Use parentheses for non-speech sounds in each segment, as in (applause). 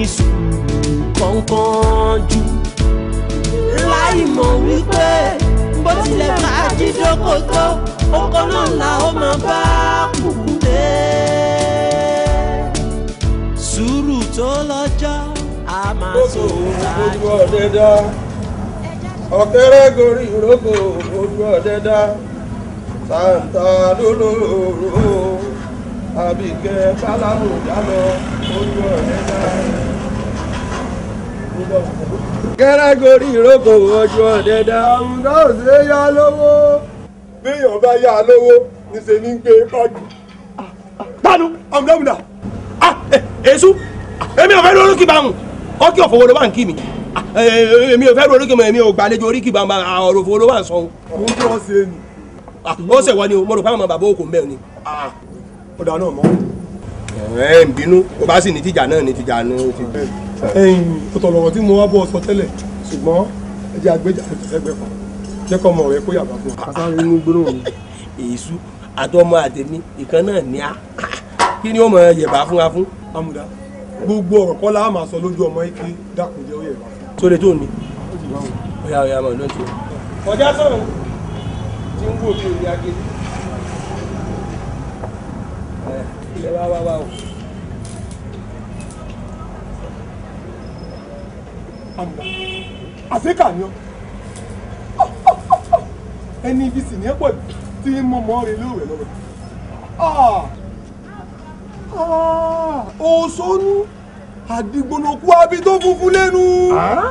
ní sùúrù kọ̀ọ̀kanjú láì mọ̀ wípé bó tilẹ̀ bá jídókò tó ọkọ̀ náà là ó máa bá kúkú dé. sùúrù tó lọ́jọ́ a máa sọ ojú ọdẹ dá ọ̀kẹ́rẹ́ gorí ìrókò ojú ọdẹ dá sàǹtà lólóró àbíkẹ́ báláwo dá lọ ojú ọdẹ dá kẹ́rẹ́górí ìrókò ọjọ́ ọ̀dẹ́dá. àmúdá òṣèré yá lówó. béèyàn bá yá lówó níṣẹ́ ní gbé báàgì. dánú àmúdá àmúdá. èṣù èmi ò fẹ́ lórí kí báwọn ọkì ọ̀fọ̀wọ́ ló bá ń kí mi èmi ò fẹ́ lórí kí mi èmi ò gbàlejò orí kí báwọn ọ̀rọ̀ òfòwò ló bá ń sọ. òun tí wọ́n ṣe ni. ó ṣe wọ́n ni mo rò pé àwọn bàbá òkú mẹ́rin ni. ọ̀dà náà mọ́. ẹ̀ ń bínú ó bá sì ní tìjà náà ní tìjà náà ó ti bẹ́ẹ̀ ẹ̀yìn ọ̀tọ̀lọ̀rọ̀ tí mo wá bọ́ sọ tẹ́lẹ̀ ṣùgbọ́n ẹ jẹ́ àgbéjà ẹgbẹ́ kan jẹ́ kọ́ ọmọ rẹ kó yàgbá fún wa. sáré inú gbóró mi. èyíṣu àtọmọ àtẹmí ìkan náà ní a kí ni ó mọ yẹ̀bá fún wa fún. amúdá gbogbo ọ̀rọ̀ kọ́ la máa sọ lójú ọmọ ike dákun jẹ́ ó yẹ̀bá. sóde tó ní. ọ̀yà ọ̀yà mọ̀ lọ́tì. ọjà sọ̀rọ̀ tí ń wò kí o ní agé. ẹ wá wá wá o. àmùlà àṣekà ni ọ ẹni ibi sì ní ẹ pọ̀ tí mo mọ ọ rẹ lóòrè lọ́wọ́ ah! ah! òṣònú àdìgbòlòkú abi tó funfun lẹ́nu. Ah?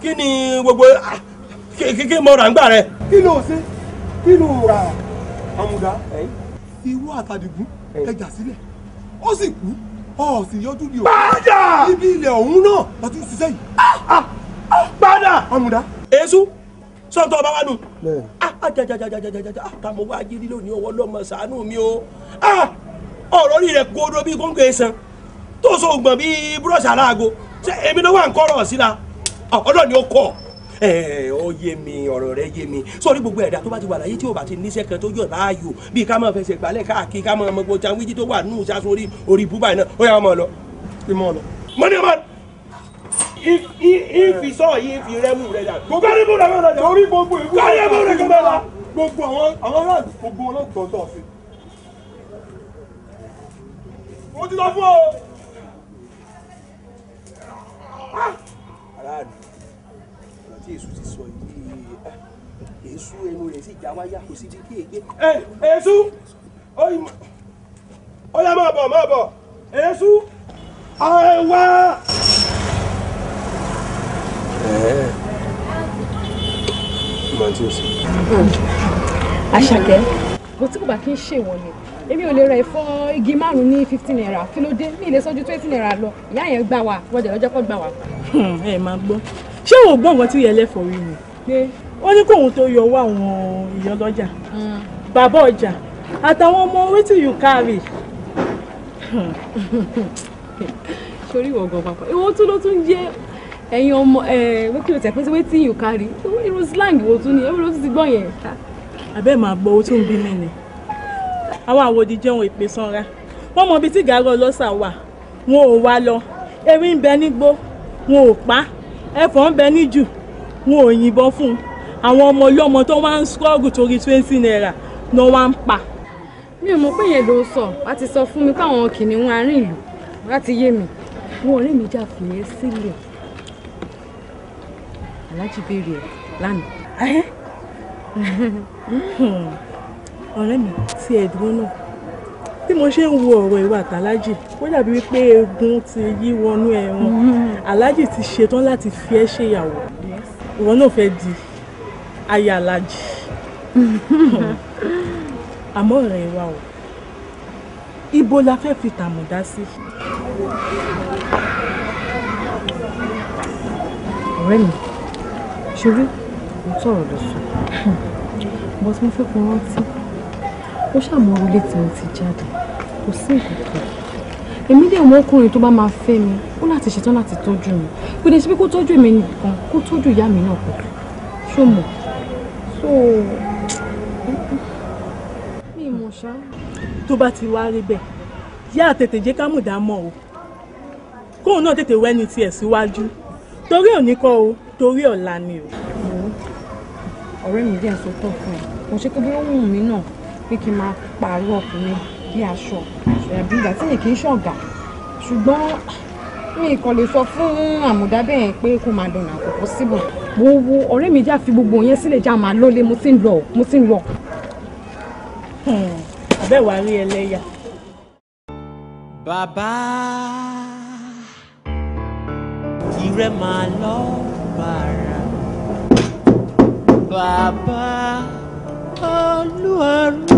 kí ni gbogbo kí mo rà ń gbà rẹ. kí ló ṣe kí ló rà àmùdá irú àtàdìgún ẹjà sílẹ̀ ó sì kú ọ sì yọjú di o. padà ibi ilẹ̀ ọ̀hún náà la ti ń ṣiṣẹ́ yìí. padà ọmọdá. èso sọ́tọ̀ ọba wa nù. ajajajajajajaja àtàwọn wa jírí lónìí ọwọ́ lọ́mọ ṣàánú mi o. Ah, ọ̀rọ̀ rí rẹ̀ kódó bíi kóńgò ẹ̀sán tó so gbọ̀n bíi búrọ̀ṣì aláago ṣé èmi náà wà ń kọ́rọ̀ sí la ọ̀dọ̀ ni ó kọ̀ ọ́. (laughs) ó yé mi ọ̀rọ̀ rẹ yé mi sórí gbogbo ẹ̀dá tó bá ti wà láyé tí ò bá ti níṣẹ́ kan tó yọ̀ láàyò bíi ká máa fẹsẹ̀ gbálẹ̀ káàkiri ká máa mọ gbogbo janwiji tó wà nù sásùn orí orí búba iná ó yà máa lọ kí máa lọ. mo ní ma ìfi sọ yìí fi rẹ́mú rẹ dà. gbogbo ẹni mú rẹ mọ́ orí gbogbo ìlú kárí ẹ̀ mú kọ́ bẹ́ẹ̀ la. gbogbo àwọn àwọn aráàlú gbogbo ọlọ́gbọ̀n tó ọ̀sìn. mo ti lọ fún ọ. aráàlú ah! tí èṣù ti sọ yìí èṣù ẹnu rẹ̀ sì já wáyà kò sí bí kí ègbé. ẹ èṣù ó yá máa bọ̀ máa bọ̀ èṣù àwa. àṣàkẹ́ bó tí kò bá kí n ṣèwọ̀n ni èmi ò lè ra ìfọ́ igi márùn-ún ní fifteen naira kí ló dé mi ì lè sọ́jú twenty naira lọ ìyá yẹn gbà wá wọ́n jẹ̀ lọ́jọ́ kọ́ gbà wá. Hmm, ẹ máa gbọ́ ṣé o gbọ́ nǹkan tí ìyẹlẹ́fọ̀ rí ni pé ó ní kóun tó yọ owó àwọn ìyọlọ́jà bàbá ọjà àtàwọn ọmọ wetin you carry. sori wọ gan papa ìwọ tún ló tún jẹ ẹyin ọmọ ẹ wetin o tẹ pé wetin you carry irú slang wo tún ni ewúro tún ti gbọ́ yẹn. abẹ́ màá gbọ́ owó tó ń bí mi ni àwọn àwòdì jẹun ìpè sanra wọ́n mọ ibi tí gàárọ̀ ọlọ́sà wà wọn ò wá lọ ewì ń bẹ nígbó wọn ò pa á ẹ̀fọ́ ń bẹ níjù wọn ò yìnbọn fún un àwọn ọmọ ọlọ́mọ tó wá ń skọ́ọ̀gù torí twenty naira ló wá ń pa. mi ò mọ pé yẹn ló ń sọ wá ti sọ fún mi káwọn kìnìún àárín ìlú wá ti yé mi wọn ọ̀rẹ́ mi jà fìyẹ sílẹ̀ aláàjì béèrè ẹ̀ lánàá. (laughs) Hmm. ọ̀rẹ́ mi ti ẹ̀dúró náà tí mo ṣe ń wo ọ̀rọ̀ ìwà àtàlájì ó dàbí wípé egun ti yí wọnú ẹran mm-hmm. alájì ti ṣetán láti fi ẹ́ ṣèyàwó ìwọ náà fẹ́ di aya alájì (laughs) àmọ́ ọ̀rẹ́ wa o ibo la fẹ́ fi tàmùdá sí. ọ̀rẹ́ mi ṣeré mo tọ̀rọ̀ lọ sùn bó ti mo fẹ́ kó ó ṣàmọ́ orílẹ̀ tí mo ti jáde kò sí nǹkan kan èmi dẹ̀ mọ ọkùnrin tó bá máa fẹ́ mi ó láti ṣetán láti tọ́jú mi kò dẹ̀ ṣe pé kó tọ́jú èmi nìkan kó tọ́jú ìyá mi náà pẹ̀lú ṣó mọ̀ so mi mọ̀ ṣá. tó bá ti wá rí bẹ́ẹ̀ yá tètè jẹ́ ká mùdá mọ̀ o kóun náà tètè wẹ́ni tiẹ̀ síwájú torí òní kọ́ o torí ọ̀la ni o. ọ̀rẹ́ mi dẹ̀ sọ tọ̀ fún ẹ mo ṣe pé ó wù mí náà pé kí n máa pààrọ̀ ọkùnrin bí aṣọ ẹ̀bí ìgbà tí mi kì í ṣọ̀gà ṣùgbọ́n mi kàn lè sọ fún àmùdá bẹ́ẹ̀ pé kó máa dọ̀nà àkókò síbò. wo wo ọ̀rẹ́ mi já fi gbogbo yẹn sílẹ̀ já máa lólé mo ti ń lọ mo ti ń lọ. àbẹ̀wò hmm, àrí ẹlẹ́yà. bàbá ìrẹ́ máa lọ bàrà bàbá olúwarú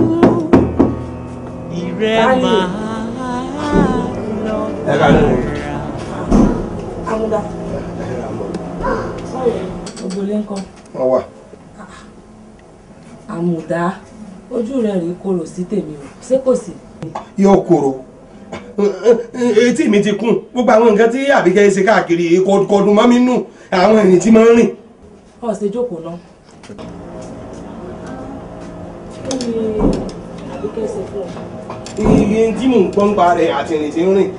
ìrẹ́ máa lọ rà. amúdá ògbólé ńkọ́. wọ́n wà. àmùdá ojú rẹ̀ rí korò sí tèmi o ṣé kò sí. yóò korò etí mi ti kún gbogbo àwọn nǹkan tí àbíkẹ́ ṣe káàkiri kọdùn mọ́ mi nù àwọn ìrìn tí máa ń rìn. ọ̀sẹ̀ jókòó náà iye tí mò ń pọ́n pa rẹ̀ àti ìrìn tí ń rìn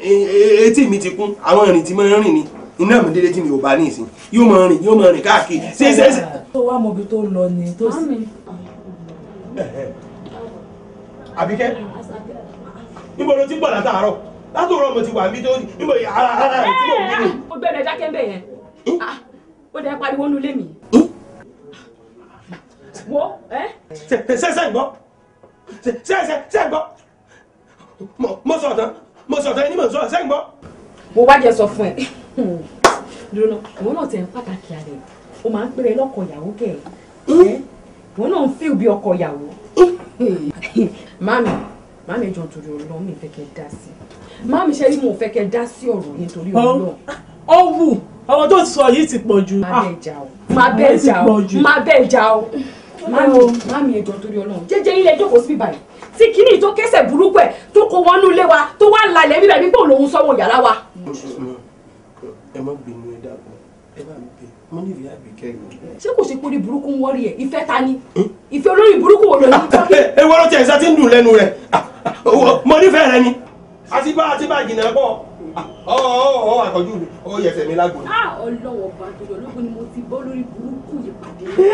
e, e, etí mi ti kún àwọn ìrìn tí mo ń rìn ni iná mi délé tí mi ò bá ní ìsìn yóò máa rìn yóò máa rìn káàkiri ṣe ṣe ṣe. tó wá mọbi tó lọ ni tó sì. àbíkẹ́ níbo ló ti ń bọ̀ látàárọ̀ látòrọ̀ mo ti wà níbi tó níbo ara ara rẹ̀ tí mò ń gbé. ó gbẹ́dẹ̀ dákẹ́ ń bẹ̀ yẹn hm? ah, ó dẹ̀ pariwo nulẹ̀ mi. Hm? wo ẹ́ sẹ́sẹ́ gbọ́ sẹ́sẹ́ sẹ́ gbọ́ mo sọ tán mo sọ tán ẹni mo sọ sẹ́ gbọ́. mo wá jẹ sọ fún ẹ lọ́nà ìwọ náà tẹ̀ ń pàtàkì àlẹ́ o máa ń pèrè lọ́kọ̀ ìyàwó kẹ̀ ẹ́ ìwọ náà ń fíw bí ọkọ ìyàwó. mami mami jọ torí Ọlọ́run mi fẹ́ kẹ́ dá sí mami ṣe rí mo fẹ́ kẹ́ dá sí ọ̀rọ̀ yìí torí Ọlọ́run. ó wù ọ̀rọ̀ tó sọ yìí ti pọ̀ jù. má bẹ́ẹ̀ jà o má bẹ́ẹ̀ jà o má bẹ́ẹ̀ o mami mami ẹjọ torí Ọlọ́run jẹ́jẹ́ ilé jókòó síbi báyìí tí kìíní tó kẹsẹ̀ burúkú ẹ̀ tó kó wọnú ilé wa tó wà lálẹ́ bíbẹ̀ bí pé òun sọ́wọ́ yàrá wa. ẹ má bínú ẹ dàgbọ́ ẹ bá mi bẹ mo ní ìyá àbíkẹ́ yìí. ṣé kò sí pé orí burúkú ń wọ́rí ẹ̀ ìfẹ́ ta ni hm? ìfẹ́ olórí burúkú wo lòun tó kí. ẹ ẹ̀sán ti ń dùn lẹ́nu rẹ̀ mo nífẹ̀ẹ́ rẹ ni àti bá àti bá jìnnà pọ̀ ọ àtọ́jú ó yẹsẹ̀ mi lágbo. Ah, a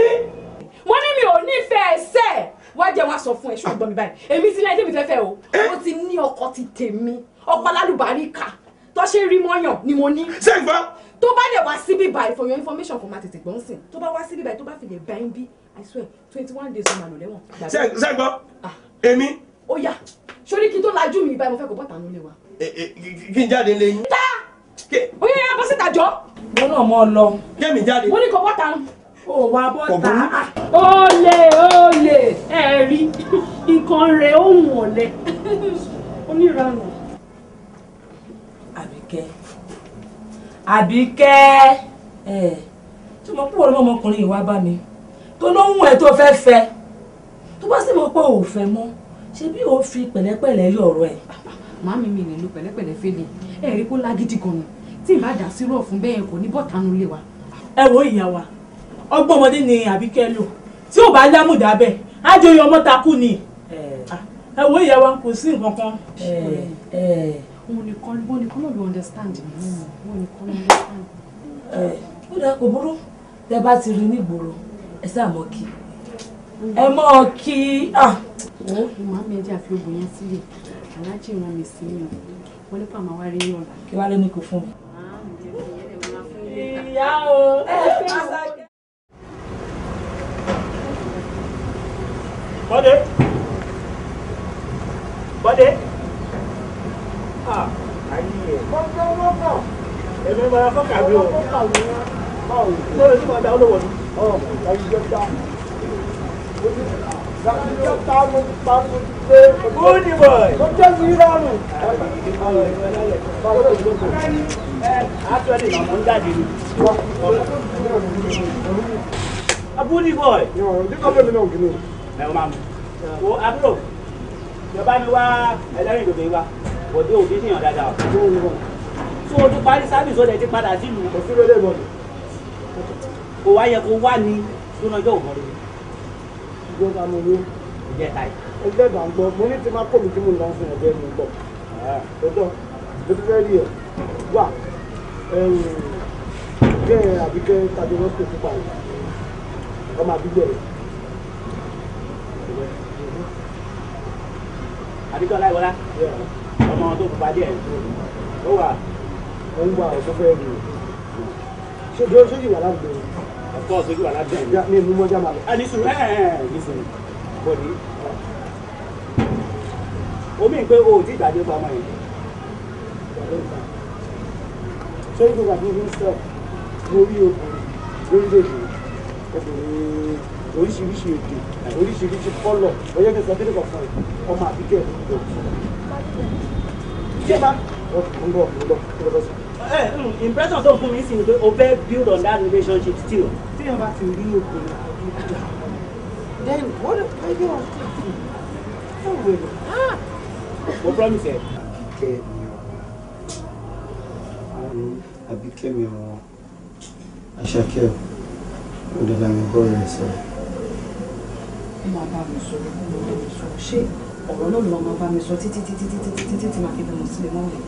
mo ní mi ò nífẹ̀ẹ́ sẹ́ wá jẹ́ wá sọ fún ẹ ṣùgbọ́n mi báyìí èmi ti ní ẹjẹ́ mi fẹ́ o ó ti ní ọkọ ti tèmi ọkọ alálùbáríkà tó ṣe rí mọ́yàn ni mo ní. ṣé ń tó bá dẹ̀ wá síbí báyìí for your information kò máa tètè gbọ́n sìn tó bá wá síbí báyìí tó bá fi lè bá ń bí i swear twenty one days ọmọ àlọ́ lẹ́wọ̀n. ṣé ń ah. èmi. ó yá sórí kí n tó lajú mi báyìí mo fẹ́ kó bọ́tà nílé wa. kí n jáde lé yín. ta oyè abọ́sítàjọ́. mo náà mọ ọ lọ. kẹ́mi jáde. mo ní kò bọ́tà ò wá bọ́ta ah, ah. olè olè ẹ̀rí nǹkan rẹ̀ ohun ọ̀lẹ (laughs) oníranù. àbíkẹ́ àbíkẹ́ ẹ̀ tí mo pọ̀ lọ́mọ ọmọkùnrin yìí wá bá mi tó ló ń wọ̀ ẹ́ tó fẹ́ fẹ́ tó bá sì mọ̀ pé ò fẹ́ mọ́ ṣe bí o fi pẹ̀lẹ́pẹ̀lẹ́ yọ ọ̀rọ̀ ẹ̀. màámi mi nílò pẹ̀lẹ́pẹ̀lẹ́ fẹ́lẹ̀ ẹ̀ rí kó lágídí gan ni tí ì bá dà sírò fún bẹ́ẹ̀ kò ní bọ́tánú lé wa. ẹ wo ìyá wa ọgbọ́n ọmọdé ni àbíkẹ́ lò tí ò bá lámùdá bẹ́ẹ̀ á jọyọ̀ ọmọ takú ni eh. ah, ẹ wo ìyá wa kò sí nǹkan kan. Eh, eh. òun nìkan bó nìkan náà ló understand mi òun nìkan ló understand mi. ó dáa kò burú tẹ bá ti rí nígboro ẹ sáà mọ kí ẹ mọ kí. Ah. màá mi ẹjẹ àfi oògùn yẹn sílẹ̀ aláàjì rán mi sí yàn wọn nípa màá wá rí yàn. kí wàá lóní kò fún mi. ìyá o ẹ fi ń sáré. Ah, Bọ́dé. Bọ́dé. Bọ́dé wọ́n kà. Èmi ń bára fọ́kà mi o. Lọ́rọ̀ tí màá da olówó ni. Good boy. Mo jẹ́ sí ìrọ̀rùn. Actually, màmú ń jáde ni. A good boy. Ọ̀dí kan bẹ́ẹ̀ mi náà ògì náà ẹ̀ wọ́n máa mú wo àbúrò ìjọba mi wá ẹlẹ́rìn ìdòdò yìí wá òde òbí sì yàn dáadáa o tó o ti parí sábìsì ó lè ti padà sílùú òfin lóde ìbọ̀dù kò wá yẹ kó wá ní lónà ọjọ́ òmọ́rò yìí ìjọba mi ní ìjẹta yìí ẹgbẹ́ ìgbà ń gbọ́ mo ní ti máa kọ́ mi tí mo lọ fún ọ̀bẹ mi gbọ́ ah. ọjọ́ ló ti fẹ́ rí ẹ̀ wà kẹ́ àbíkẹ́ tàbí wọ́n pè fún pààyàn ọmọ àbígbẹ̀rẹ̀. àbíkọ́ láìwọlá ọmọ tó pupa díẹ̀ ó wà. ó ń wà ọ̀sán fẹ́ rù ṣojú ṣojú wà láwùjọ. ọ̀pọ̀ ṣojú wà láwùjọ. mi mú mọ́jà máa lọ. ẹ nísìnyí ẹ ẹ nísìnyí bò ní. omi pé o ò tí pa ọmọ yẹn. ṣé ìgbà tí mo fi ń sọ obìnrin lórílẹ̀-èdè obìnrin oríṣiríṣi èdè oríṣiríṣi kọ́lọ̀ ọyẹ́ kí n sọ kí ni kò fún ọ ọmọ àbíkẹ́ ìlú ìjọba ọ̀gbọ̀n ọ̀gbọ̀n ọ̀gbọ̀n impression tó fún mi sí ni pé o fẹ́ build on that relationship still. tí yẹn bá ti rí obìnrin àbí ìdá then wọ́n lè pẹ́ yẹ ọ́ ẹ wò lè. mo promise ẹ. àbíkẹ́ mi ọ̀ àbíkẹ́ mi ọ̀ aṣáké ọ̀ ọ̀dọ̀dọ̀ mi bọ́ rẹ̀ sọ̀rọ̀ ó máa bá mi sọ̀rọ̀ ó máa bá mi sọ̀rọ̀ ṣé ọ̀rọ̀ náà ló máa bá mi sọ títí títí títí títí títí máa fi bí mo sílẹ̀ mọ́ rẹ̀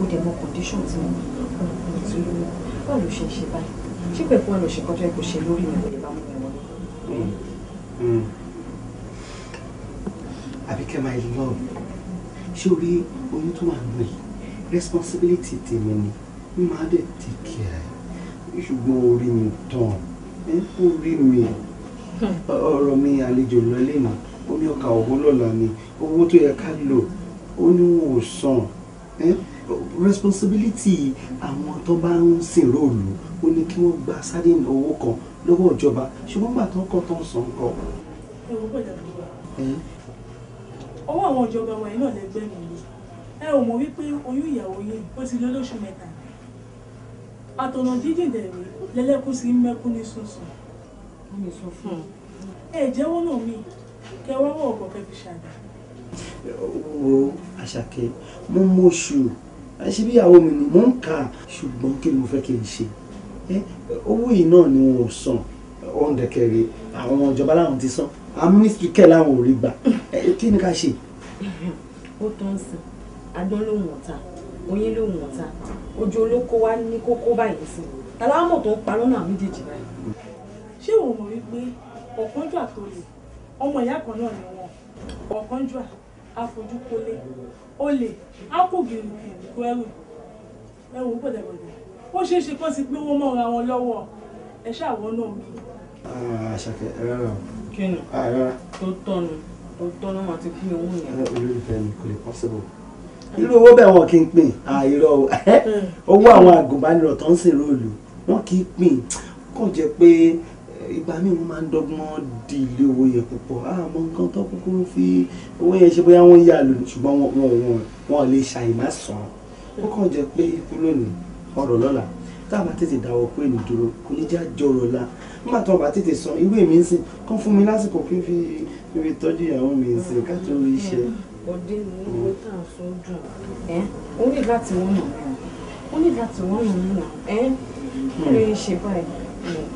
ó dẹ̀ mọ condition tí mo ọ̀rọ̀ tí ó lówó báwo ló ṣe ń ṣe báyìí ṣé pẹ̀lú ọ̀rọ̀ ṣe kọjá kò ṣe lórí mi lè bá mú mi wọlé. Àbíkẹ́ my love ṣé o rí oyún tó wà nù yìí responsibility tèmi ni mo máa dẹ̀ take care ṣùgbọ́n orí mi tán ó rí mi ọ̀rọ̀ mi àlejò lọlé mà ó ní ọkà ọ̀hún lọ́la ni owó tó yẹ ká lò ó ní wọn ò san responsibility àwọn tó bá ń sìnrò òlù ó ní kí wọ́n gba sáré owó kan lọ́wọ́ ìjọba ṣùgbọ́n gbà tó ń tó ń san kọ́. owó àwọn ìjọba wọ̀nyí náà lẹ́gbẹ́ mi ẹ ò mọ̀ wípé oyún ìyàwó yìí ó ti lé lóṣù mẹ́ta àtọ̀nà dídì dẹ̀rẹ̀ lẹ́lẹ́kùn sí mẹ́kún ní sunsun mi sọ fún hmm. ẹ jẹ́wọ́ náà mi kẹ wá wọ̀ ọ̀pọ̀ kẹ fi ṣàdá. wo àṣàkẹ́ mo mọṣù àṣẹ bíyàwó mi ni mo ń kà ṣùgbọ́n kí ni mo fẹ́ kí n ṣe owó yìí náà ni wọn ò san ọ̀ǹdẹ̀kẹ̀rẹ̀ àwọn ìjọba láwọn ti san àwọn mínísítì kẹ́ láwọn ò rí gbà kí ni ká ṣe. (laughs) ó tán sí agbọ́n lòun ọ̀tá oyin lòun ọ̀tá ojú olóko wa ní kókó báyìí sí i aláwọ̀ tó ń pa lọ́nà méjèèjì báyìí ṣé o mọ̀ wípé ọ̀kánjúà tó lè ọmọ ìyá kan náà ni wọn ọ̀kánjúà àfojúkólé olè ákògìrì ìlú ẹrù ẹrù bọ̀dẹ̀bọ̀dẹ̀ ó ṣeé ṣe kán sí pé wọ́n mọ̀ra wọn lọ́wọ́ ẹ ṣàwọn náà mi. àṣàkẹ́ ẹ rárá o. kí ni ah, tó tọ́nu tó tọ́nu wọn ti pín owó yẹn. olólùfẹ́ mi kò lè possible irú owó bẹ́ẹ̀ wọn kì í pín àìrọ̀ ah, hmm. (laughs) owó àwọn àgùnbánirọ̀ tó ń sìn róòlù wọn kì í pín kò jẹ́ pé ìgbà míì wọ́n máa ń dọ́gbọ́n di ilé owó yẹn púpọ̀ àmọ́ ah, nǹkan tó kúkú fi owó yẹn ṣe bóyá wọ́n yà lónìí ṣùgbọ́n wọn wọn wọn lè ṣàìmá sàn án ó kàn jẹ́ pé ikú lónìí ọ̀rọ̀ lọ́la tá a bá tètè dáwọ́ pé èlò dúró kò ní já jọ̀rọ̀ la nígbà tó a bá tètè san irú èmi ń sìn kán fún mi lásìkò kí n fi fi tọ́jú ìyàwó mi ń sìn ká tó rí iṣẹ́. ọdẹ ni owó tá a sọ dùn ẹ ó ní láti wọ́n nà mí ó ní láti wọ́n nà mí nà ẹ kí ló ń ṣe báyìí.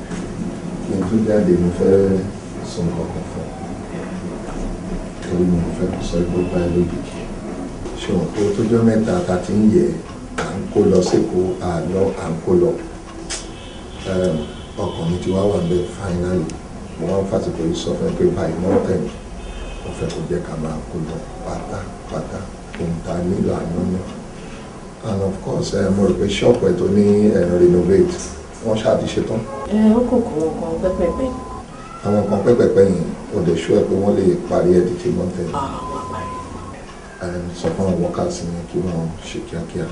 kí n de jáde mo fẹ́ sọ nǹkan kan fún ọ torí mo fẹ́ kó sọ ìgbó báyìí lójijì ṣùgbọ́n tó tójọ́ mẹ́ta ta ti ń yẹ à ń kó lọ sípò àlọ́ à ń kó lọ ọkàn mi ti wá wà bẹ́ẹ̀ fáínàlì mo wá ń fàsìkò yìí sọ fún ẹ pé báyìí náà tẹ̀mí mo fẹ́ kó jẹ́ ká máa kó lọ and of course mo rò pé ṣọ́ọ̀pù ẹ̀ tó ní ẹ̀rọ renovate wọ́n ṣáàdì ṣetán. ẹ ó kò kó wọn kan pẹ́pẹ́pẹ́. àwọn kan pẹ́pẹ́pẹ́ yìí ó lè ṣó ẹ pé wọ́n lè parí ẹ̀ dìde mọ́tẹ́. Ah, sọ fún àwọn workers ni kí wọ́n ṣe kíákíá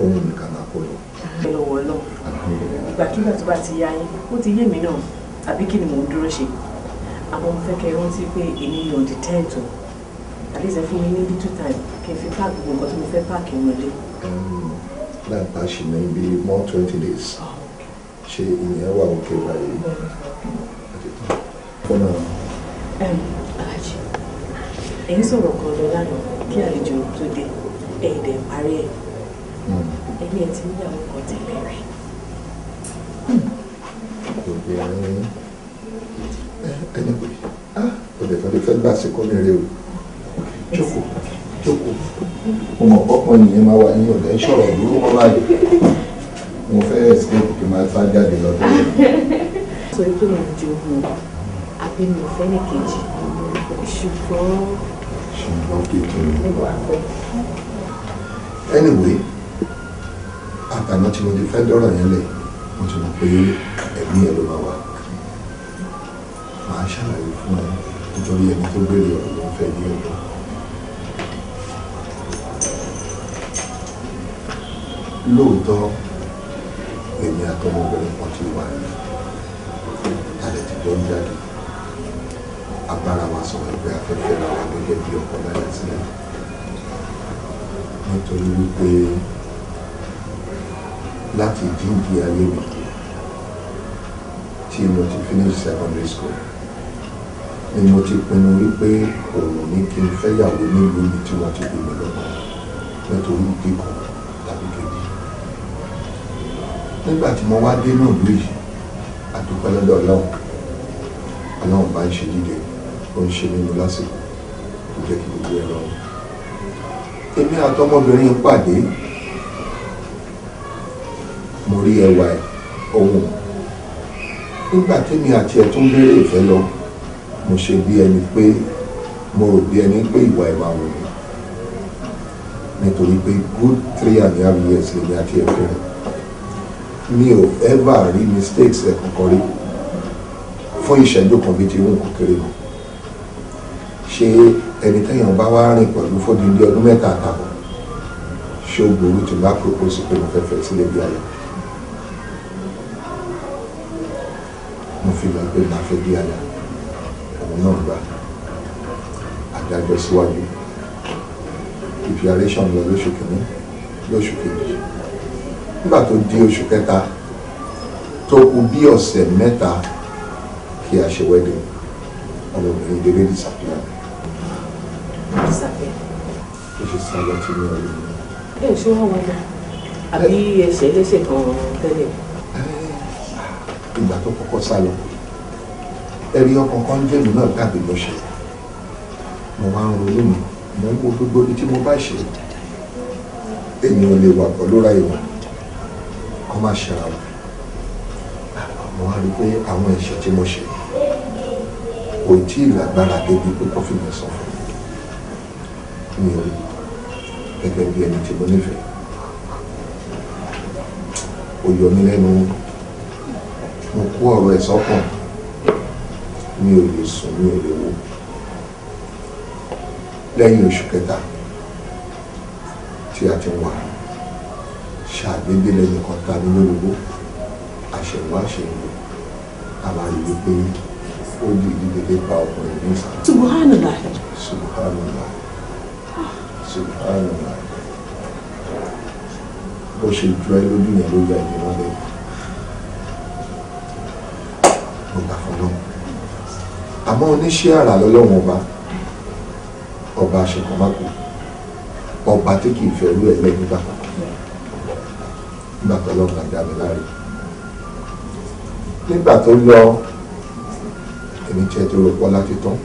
ohun nìkan náà kó lọ. ẹ lọ wọ náà ìgbàkigbà tó bá ti yá yín ó ti yé mi náà àbí kí ni mò ń dúró ṣe àmọ́ mo fẹ́ kẹ́ rántí pé èmi yàn di tẹ́ẹ̀tù àdéhùn fún mi ní little time kí n fi páàkì gbogbo nǹkan tó mo fẹ́ páàkì wọn lé. láǹpá ṣì ní bí more twenty days. Ah, ṣe ìyẹn wà òkè báyìí fọ́nà. alájí ẹ̀yin sọ̀rọ̀ kan lọ lánàá kí àlejò tó dé ẹ̀yìn dẹ̀ parí ẹ̀ hmm. ẹ̀yìn ẹ̀ ti ní àwọn kan tẹ́lẹ̀ rẹ̀. kò bí ẹni ẹni pé ó lè fẹ́ fẹ́ gbà sí kọ́mìnrin o jókòó jókòó mo mọ̀ bọ́pọ̀ nìyẹn máa wà ní ọ̀dọ̀ ẹ̀ sọ̀rọ̀ lórúkọ báyìí mo fẹ́ escape kí n máa sá jáde lọ́dọ̀. nítorí pé mo di ogun àbí mi ò fẹ́ ní kejì ṣùgbọ́n. ṣùgbọ́n kejì ni anyway àtàná tí mo ti fẹ́ dọ́rọ̀ yẹn lẹ̀ mo ti mọ̀ pé ẹ̀mí ẹ̀ ló máa wà màá ṣàlàyé fún ẹ nítorí ẹni tó béèrè ọ̀rọ̀ ló ń fẹ́ ní ọ̀dọ́. lóòótọ́ èmi àtọmọbìnrin kan ti wà ní alẹ́ tí tó ń jáde agbára wa sọ̀rọ̀ ẹgbẹ́ afẹ́fẹ́ ra wa gẹ́gẹ́ bí ọkọ láyé sílẹ̀ nítorí wípé láti díndín ayé mi tí mo ti finish secondary school ni mo ti pinnu wípé òun ní kí n fẹ́yàwó nílùú mi tí wọ́n ti bí mi nítorí kíkọ́ nígbà tí mo wá dé náà lóyè àdúpẹ́ lọ́dọ̀ ọlọ́run ọlọ́run bá ń ṣe líle ó ń ṣe nínú lásìkò kò jẹ́ kí gbogbo ẹ̀rọ èmi àtọmọbìnrin pàdé mo rí ẹwà ẹ̀ ohun nígbà tẹ́mi àti ẹ̀ tó ń bẹ̀rẹ̀ ìfẹ́ lọ mo ṣe bí ẹni pé mo rò bí ẹni pé ìwà ẹ̀ máa wù mí nítorí pé good three and a half years lèmi àti ẹ̀ fẹ́ràn mi ò ever rí mistakes ẹ̀kọ́ kan rí fún ìṣẹ́jú kan bíi ti irú nǹkan kéré mọ́ ṣé ẹni téèyàn bá wá rìn pẹ̀lú fódìdí ọdún mẹ́ta àtàbọ̀ ṣé ó burú tí bá propose pé mo fẹ́ fẹ́ sílé bí ayọ̀ mo fi mọ̀ pé màá fẹ́ bí ayọ̀ òun náà gbà adájọ́ síwájú ìfìyàrẹ́sàn lọ lóṣù kìíní lóṣù kejì nígbà tó di oṣù kẹta tó kù bí ọ̀sẹ̀ mẹ́ta kí a ṣe wedding ọmọbìnrin délé disappear. disappear. ó ṣe sá lọ tí mi ò rí. ẹ ṣó wọn wọn àbí ẹsẹ̀ ẹlẹ́sẹ̀ kan tẹ́lẹ̀. ìgbà tó kọ́kọ́ sá lọ ẹ̀rí ọkàn kan jẹ́ mi náà dàbí lọ ṣe mo máa ń ronú mi mo ń wo gbogbo ibi tí mo bá ṣe èmi ò lè wà pọ̀ lóra ìwà kó má ṣe ra wọn mo wá rí i pé àwọn ẹ̀ṣẹ̀ tí mo ṣe kò tí ì lágbára débi pé kó fi mi sọ fún mi ò rí gẹ́gẹ́ bí ẹni tí mo nífẹ̀ẹ́ ó yọ mí lẹ́nu mo kó ọ̀rọ̀ ẹ̀ sọ́kàn mi ò lè sùn mi ò lè wò lẹ́yìn oṣù kẹta tí a ti wà ṣàdédé lẹ́yìn kan tàbí lórúkọ àṣẹwó àṣẹwó àbáyé wípé ó di ìdílé bá ọkùnrin ní ìfà. subhanallah. subhanallah. subhanallah. bó ṣe ju ẹ lójú yẹn ló yà ìdílé lẹ́yìn. mo gbà fún lọ́wọ́. àmọ́ oníṣẹ́ àrà lọ́lọ́wọ́n ọba ọba àṣekọ̀mákò ọba tí kì í fẹ́ rú ẹ lẹ́yìn bàbá nígbà tó lọ gbàgbà mi láre nígbà tó lọ èmi tiẹ̀ tó rọ pọ́lá ti tán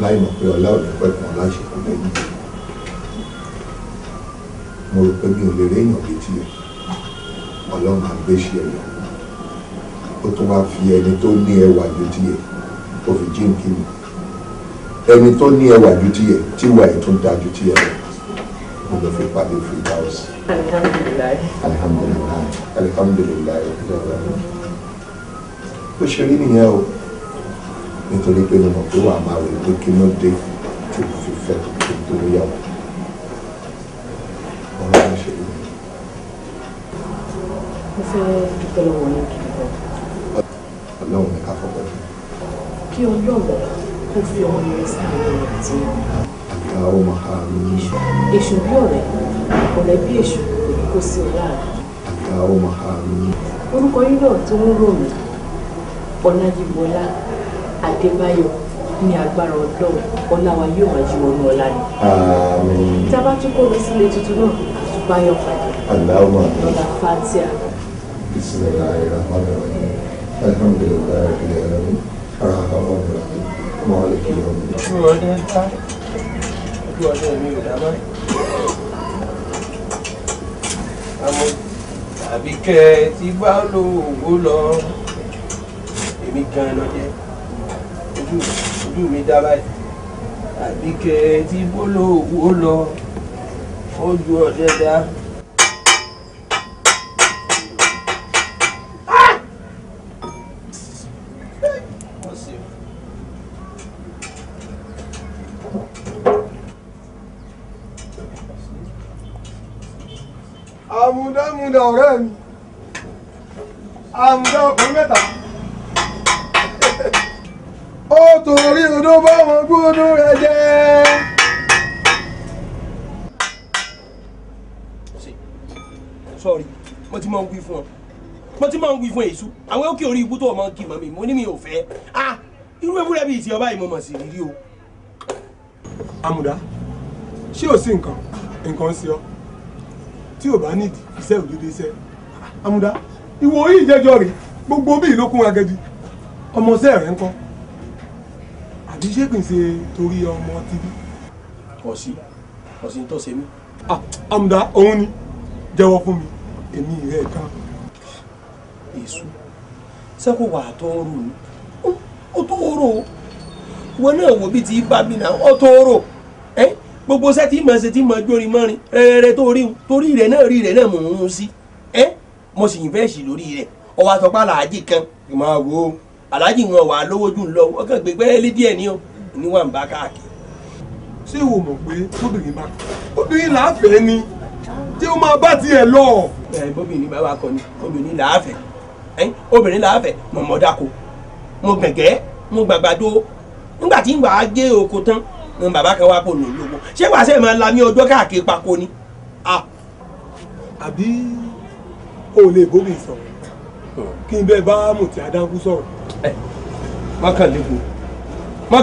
láì mọ̀ pé ọlá òní pẹ́ kan láṣẹ kò lẹ́yìn mo rò pé mi ò lè réyàn létí ẹ ọlọ́run àgbéṣe ẹ̀yọ ó tún wá fi ẹni tó ní ẹwà ju tiẹ̀ tó fi jíǹkí mi ẹni tó ní ẹwà ju tiẹ̀ tíwà ẹ̀ tún dáa ju tiẹ̀ lọ mo lọ fi pàdé fi dá ọ sí. alihamudulilayi. alihamudulilayi alihamudulilayi ó ṣe rí nìyẹn o nítorí pé mo mọ̀ pé wàá máa rò pé kí ló dé tí mo fi fẹ́ tó tó yàwó. Ọlọ́run ní ká fọwọ́. Kí ọlọ́run kó fi ọmọ yẹn sí àwọn ọ̀rọ̀ tí ha ó máa ha mi. èṣù bí ọ̀rẹ́ ọ̀rẹ́ bí èṣù èyí kò sí ọ̀la rẹ̀. ha ó máa ha mi. orúkọ yín náà tó ń rò mí ọ̀làjìbọ̀lá adébáyọ̀ ní agbára ọlọ́run ọláwa yóò máa jí wọnú ọlá ni. tá a bá tún kó lọ sílé tuntun náà àtúbáyọ̀ padà. aláwọ̀ àná. lọ́la fatia. bismillahir rahmanir rahim alhamdulillahi rabbil alamin ojú ọjọ́ mi ò dáná àmọ́ tàbí kẹ tí bá lo òwò lọ èmi gan lọ jẹ ojú mi dá báyìí tàbí kẹ tí bó lo òwò lọ ojú ọdẹ burúkú tó o mọ kì mọ́ mi mo ní mi ò fẹ́ ah irú ewúrẹ́ bíi ti ọba yìí mo mọ̀ sí rírí o. àmùdá ṣé o sí nǹkan nǹkan sí ọ tí o bá nídìí iṣẹ́ òdodo iṣẹ́ àmùdá ìwọ orí ìjẹ́jọ́ rẹ̀ gbogbo bí ìlókun agẹdi ọmọọṣẹ́ rẹ̀ ń kọ́ àbí ṣé kì í ṣe torí ọmọ tibí. ọ̀sì ọ̀sì ń tọ́sẹ̀ mí. àmùdá ah, òun ni jẹ́wọ́ fún mi èmi rẹ̀ kan. èso sẹ́kù wà tó ń rò ní ó tó rò wọn náà wò bí ti bá mi náà ó tó rò ẹ́ gbogbo sẹ́ tí màá ṣe tí màá jórin mọ́rin rere tó rí torí rẹ̀ náà rí rẹ̀ náà mò ń sí ẹ́ mo sì fẹ́ sì lórí rẹ̀ ọwọ́ àtọ́pá làájì kan ìmọ̀ àwò aláàjì wọn wà lówó jù lọ ọkàn gbé pẹ́ẹ́lí díẹ̀ ni ó níwọ̀n bá káàkiri. ṣé o mọ̀ pé obìnrin máa obìnrin làáfẹ́ ni tí ó máa bá tiẹ̀ lọ. ẹ bóbìnrin bá wa kọ ni obìnrin làáfẹ́. obìnrin láàfẹ á fẹ́ mo mọ̀ dáko mo mo gbàgbàdo nígbà tí ń gbà á gé oko tán ni bàbá kan wá pò ní olóko ṣé wàá máa lami káàkiri pako ni. àbí o lè bóbi kí n bẹ bá mùtí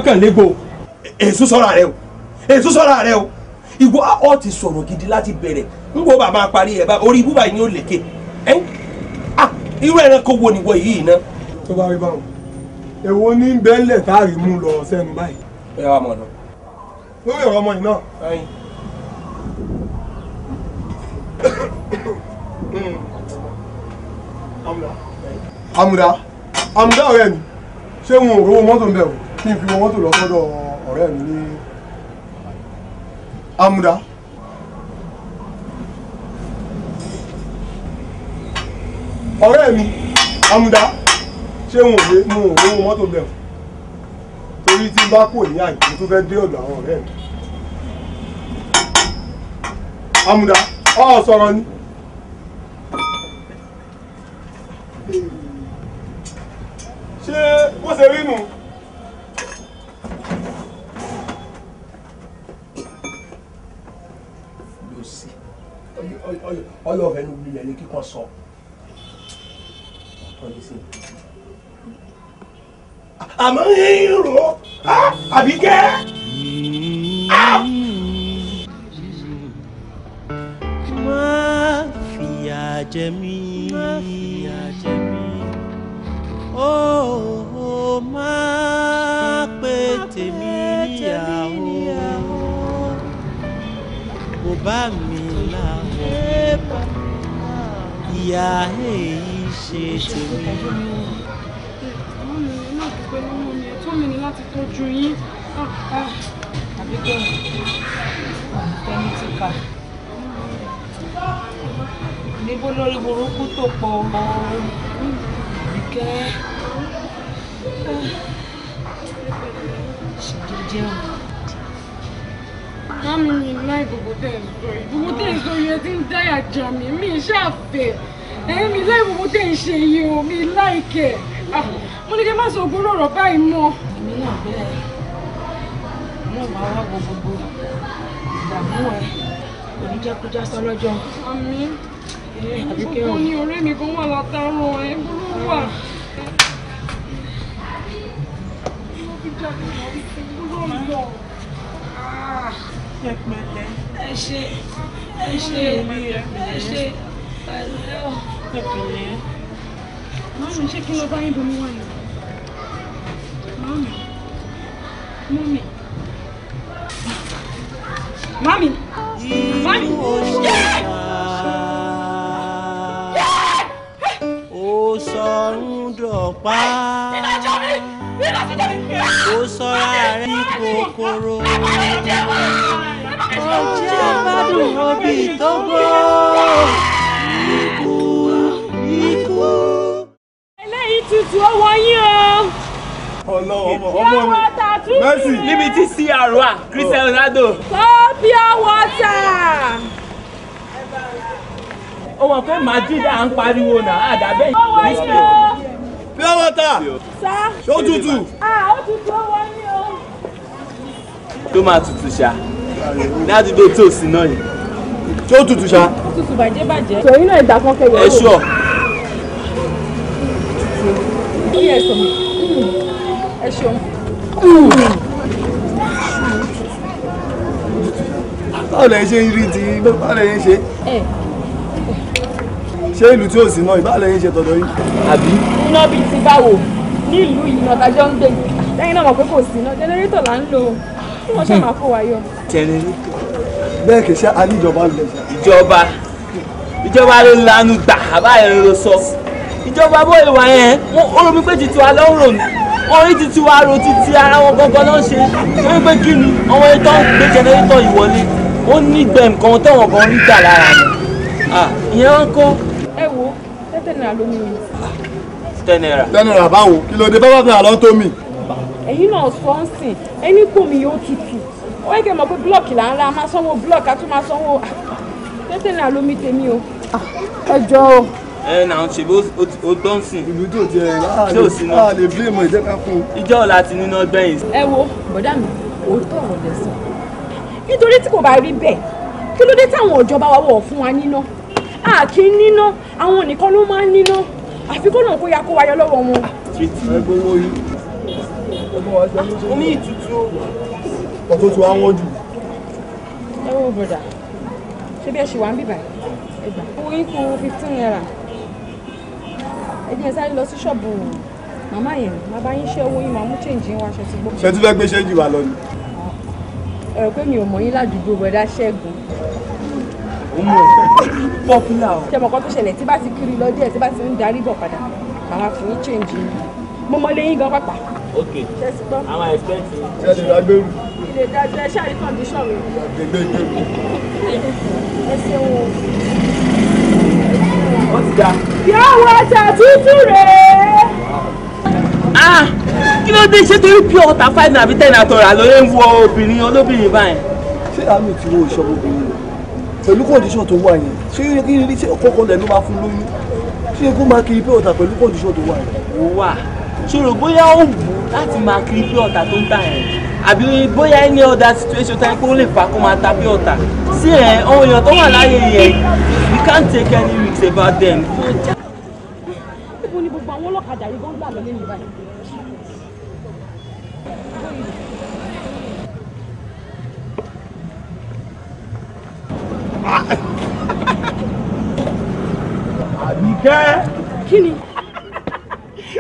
rẹ o èso sọ́ra rẹ o ìwọ ọ ti sọ̀rọ̀ gidi láti bẹ̀rẹ̀ bàbá parí ẹ̀ bá orí ibú báyìí ni ó irú ẹranko wo nìwọ yìí ná. tó bá rí báwọn èwo ní bẹ́ẹ̀lẹ̀ táàrí mú lọ sẹ́nu báyìí. ẹ wá mọ̀ lọ. lórí ọ̀rọ̀ ọmọ yìí náà. àmùdá àmùdá ọ̀rẹ́ mi ṣé wọn ò rówó mọ́tò ń bẹ̀ wò kí n fi wọ mọ́tò lọ sọ́dọ̀ ọ̀rẹ́ mi ní àmùdá. ọ̀rẹ́ mi amúdá ṣé wọn ò lè mú òun mọ́tò bẹ̀ fún torí tí bá kò ní àyè tó fẹ́ dé ọ̀dọ̀ àwọn ọ̀rẹ́ mi amúdá ọ̀ sọ̀rọ̀ ni. ṣé bó ṣe rí nù. ọlọ́ọ̀fẹ́ ló gbilẹ̀ ní kíkan sọ àmọ́ ń rò ó àbíkẹ́. má fìyà jẹ mí má fìyà jẹ mí ó má pè tèmi níyàwó kò bá mi láwọ ìyá èyí ṣe tèmi. ẹ̀tọ́ mi ni láti tọ́jú yín ah, ah. àbíkẹ́ ẹni ti kà níbo lórí burúkú tó pọ̀ àbíkẹ́ ah. ṣèjọ́ jẹun. Mami mi láì gbogbo tẹ̀ ń sọ yìí. Gbogbo tẹ̀ ń sọ yìí ẹ ti ń dáyà jà mí. Mi ṣàfẹ́. Ẹ̀yin mi láì gbogbo tẹ̀ ń ṣe yìí o. Mi láìkẹ̀. Mo ní kí n má sọ ogún ọ̀rọ̀ báyìí mọ́. Èmi náà bẹ́ẹ̀. Mo máa wá gbogbo ìdààmú ẹ̀. Kò ní jẹ́ kó já sọ lọ́jọ́. Àmín. Ṣùgbọ́n ní ọ̀rẹ́ mi kan wà látàárọ̀ ẹ̀ burú wà. Mo fi jáde you. sí burú ọ̀yọ́ ẹ pẹ̀lẹ́ ẹ ṣe ẹ ṣe ẹ ṣe pẹ̀lẹ́ ọ ẹ pẹ̀lẹ́ mọ́mí ṣé kí ló bá yín bomi wáyé mọ́mí mọ́mí mọ́mí mọ́mí. sọ̀rùn dọ̀pá. ó sọ̀rọ̀ rẹ̀ ní kòkòrò jẹ́ gbádùn ọbí ìtọ́gbọ́. Ikú ikú. Eléyìí tutù ọwọ́ yín o. Ọlọ́wọ́ ọmọ mi. Mẹ́sì. Níbi tí CR wà, Cristiano Ronaldo. pure water. Ó mọ̀ pé Madrid à ń pariwo náà, àdàbẹ́ yìí ní pure water. sá. ṣó tutù. ah ó tutù ó wọlé o. tó máa tutù ṣá ládùúgbò tó sí náà yìí tó tutù ṣá. tutù bàjẹ́ bàjẹ́. sọ̀rọ̀ iná ẹ̀dá kan kẹyọ̀. ẹ ṣọ. iye ẹ̀sọ̀ mi ẹ ṣeun. báwo lẹ ṣe ń rí ti báwo lẹ ń ṣe. ṣé ìlú tí ò sí náà ìbáwo lẹ ń ṣe tọ̀dọ̀ yìí. àbí. iná bíi ti báwo nílùú ìnàtàjọ́ ń gbé lẹ́yìn náà mọ̀ pé kò sí iná jẹnẹrétọ̀ là ń lò ó tí wọ́n ṣàmà kó wa yọ tẹ̀rín rí. bẹ́ẹ̀ kì í ṣe a ní ìjọba lè ṣe. ìjọba ìjọba ló lanu gbà báyìí ló sọ ìjọba bó ìwà yẹn ó rò mí pé títí wa ló rò ní wọ́n rí títí wa rò títí ara wọn gangan ló ṣe torí pé kí ni àwọn ètò gbé jẹnẹrétọ̀ ìwọlé ó nígbẹ́ nǹkan tẹ̀wọ̀n kan rí gbà lára mi ìyẹn wọn kọ́. ẹ wo tẹ́tẹ̀ náà ló mú mi. tẹ́ náírà. báwo kí ló dé bá bàbá àlọ́ tó mi. ẹ̀yin náà sọ́ọ̀sìn ẹni kò mi yóò tutù wọ́n yẹ kẹ́ mọ̀ pé blọ́ọ̀kì là ń ra a máa sanwó blọ́ọ̀kì a tún máa sanwó tètè náà lómi tèmi o. ẹ jọ o. ẹ nà ń ṣe ó gbọ́n sìn. ìlú tó jẹ a lè bí ìmọ̀ ìjẹ́ká fún un. ìjọ ò láti níná gbẹ̀yìn. ẹ wo bọ̀dá mi òótọ́ ọ̀rọ̀ lẹ sọ nítorí tí kò bá rí bẹ́ẹ̀ kí ló dé táwọn ìjọba wa wọ̀ fún wa níná a kì í níná àwọn nìkan ló máa ń níná àfikún náà kó ya kó wáyọ lọ́wọ́ wọn. omi ìtútù ọkọ̀ tó ti wá wọ́n jù. ẹ wo bọ̀dà ṣé bí ẹ ṣe wà ń bìbà ẹ gbà owó yín kù fifteen naira ẹ jẹ́ sáré lọ sí ṣọ́ọ̀bù màmá yẹn màá bá yín ṣe owó yín màá mú chèǹjì wa aṣọ ti gbó. ṣé tí fẹ́ gbé ṣéǹjì wa lọ ni. ẹ rò pé mi ò mọ̀ yín ládùúgbò bọ̀dá ṣẹ́gun ọmọ pọpula o. ṣé ọmọkan tó ṣẹlẹ̀ tí bá ti kiri lọ díẹ̀ tí bá ti ń darí bọ̀ padà màmá fún yín change yín mo mọ lẹ́yìn gan pàpà. ok àwọn expect. ṣé ẹ lè ra ilé dájú ẹ ṣáà rí kọ́ndíṣọ̀n mi. ẹ ṣeun o. ó ti dá. yàwó ọjà tútù rèé. kí ló dé ṣé torí pure water five naira àbí ten naira tọrọ àlọ́ yẹn ń wọ obìnrin olóbìnrin báyìí. ṣé àmì tí wo ìṣọ́gun obìnrin rẹ̀ pẹ̀lú kọ́ndíṣọ̀n tó wà yẹn ṣé yẹ kí n rí tí kọ́kọ́ lẹ̀ ló máa fún lóyún ṣé kó máa kiri pure water pẹ̀lú kọ́ndíṣọ̀n tó wà yẹn. ó wà ṣòro bóyá ó wù láti máa kiri pure water tó ń tà yẹn àbí bóyá any other situation tán pé ó lè fà kó máa ta bí ọ̀tá sí ẹ̀ ohun èèyàn tó wà láyé yẹn we can't take any risks about them. ibo ni gbogbo àwọn ọlọ́kadà yìí gan gbà lọ lẹ́yìn báyìí. Àbíkẹ́. kí ni.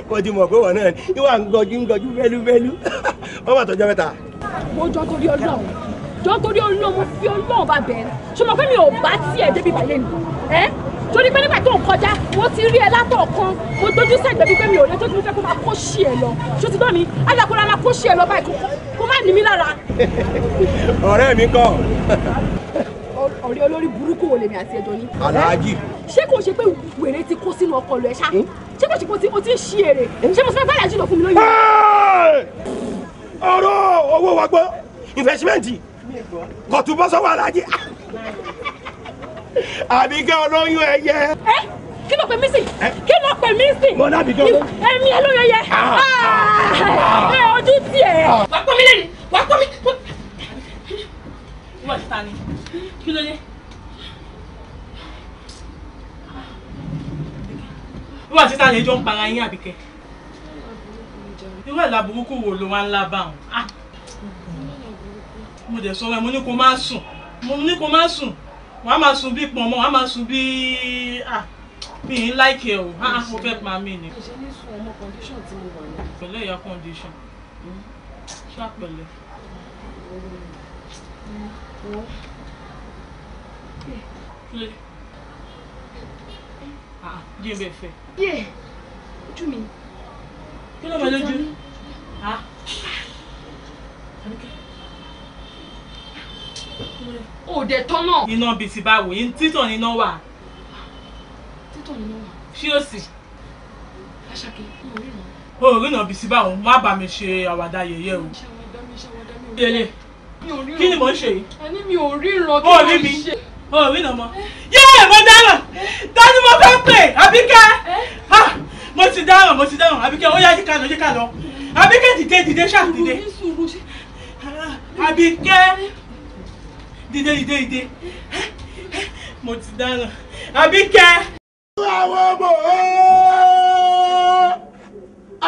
mo ti mọ̀ pé wọ́n náà ni ìwà ń gọjú ń gọjú fẹ́lúfẹ́lú ó mà tọ́jọ́ mẹ́ta. mo jọ torí Ọlọ́run jọ torí Ọlọ́run mo fi Ọlọ́run bá bẹ̀rẹ̀ ṣọmọ pé mi ò bá tiẹ̀ débi bàyẹ̀ nù ẹ́ torí pé nígbà tó ń kọjá mo ti rí ẹ látọ̀ọ̀kan mo dojú sẹ́gbẹ̀ẹ́ bíi pé mi ò lè tó ti fẹ́ kó máa kó sí ẹ lọ ṣó ti dán mi alákòrò ara kó sí ẹ lọ báyìí kó má ní mi lára. (laughs) ọ̀rẹ́ mi kọ́. (laughs) ọ̀rẹ́ olórí burúkú wo lèmi àti ẹjọ́ ní. aláàjì. ṣé kò ṣe pé wèrè ti kó sínú ọkọ lọ ẹ ṣá hmm? ṣé kò ṣe pé o ti ń ṣí èrè ṣé mo fẹ́ bá aláàjì lọ fún mi lóyún ọ̀rọ̀ owó wa gbọ́ investment kò tún bọ́ sọ́wọ́ alájẹ àbíkẹ́ olóyún ẹyẹ. ẹ kí ló pè mí sí kí ló pè mí sí. mo náà bìkẹ́ olóyún. ẹ̀mí ẹ lóyún ẹyẹ ah. ah, ẹ ojú tiẹ̀. Ah. wà á pọ́n mi lẹ́nu wà á pọ́n mi. wọ́n ti ta ni kí ló dé. wọ́n ti ta ni ẹjọ́ ń para yín àbíkẹ́ irú ẹ̀ laburúkú wo ló wá ń lá báwọn ah! mo dẹ̀ sọ ẹ mo ní kó má sùn mo ní kó má sùn wàá máa sùn bí pọ̀nmọ́ wàá máa sùn bí ah, mi láìkẹ́ o ah, mo fẹ́ pa mí ni. kò ṣe ní sùn ọmọ condition tí mo wà ní. pẹ̀lú ẹ̀yà condition ṣàpẹ̀lẹ̀. jíǹbẹ̀ fẹ́. ojú mi kí ló mọ lójú ó dẹ tọ́nà. iná bíi ti báwo títàn níná wà. títàn níná wà. ṣé o sì. aṣáké mo rí ìrànwọ́ o rí náà bí sí báwọn má bà mí ṣe àwàdà yẹ̀yẹ́ o. yẹlẹ kí ni mò ń ṣe yìí. ẹni mi ò ríran kí mo ṣe. o rí náà mọ. yéè mo dáná dájú mo fẹ́ pè Àbíkẹ́ mo ti dáhùn mo ti dáhùn Àbíkẹ́ ó yá jíkà lọ jíkà lọ Àbíkẹ́ dìde dìde ṣáà dìde Àbíkẹ́ dìde dìde dìde mo ti dáhùn Àbíkẹ́. àwọn ọmọ eh,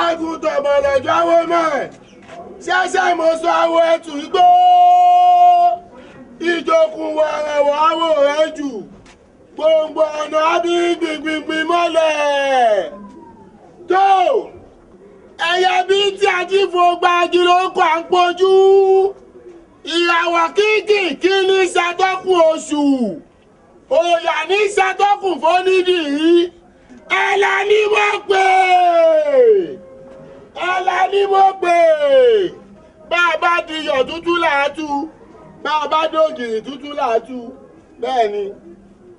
àgùntàn mọ̀lẹ́jọ́ àwọn ọmọ ẹ̀ ṣẹ́ṣẹ́ mo sọ àwọn ẹ̀tù igbó ìjókòó wẹ̀rẹ̀wọ̀ àwọn ọ̀rẹ́ jù gbòǹgbò ọ̀nà á gbìngbìngbìn mọ́lẹ̀. tó ẹyẹ bí tí a ti fò gbági ló kọ́ à ń pojú ìràwọ̀ kíkìkí ní oṣù òyà ní ni mo pè ẹ̀là ni mo pè di iyọ̀ tútù làátú bá a bá dògìrì tútù làátú bẹ́ẹ̀ ni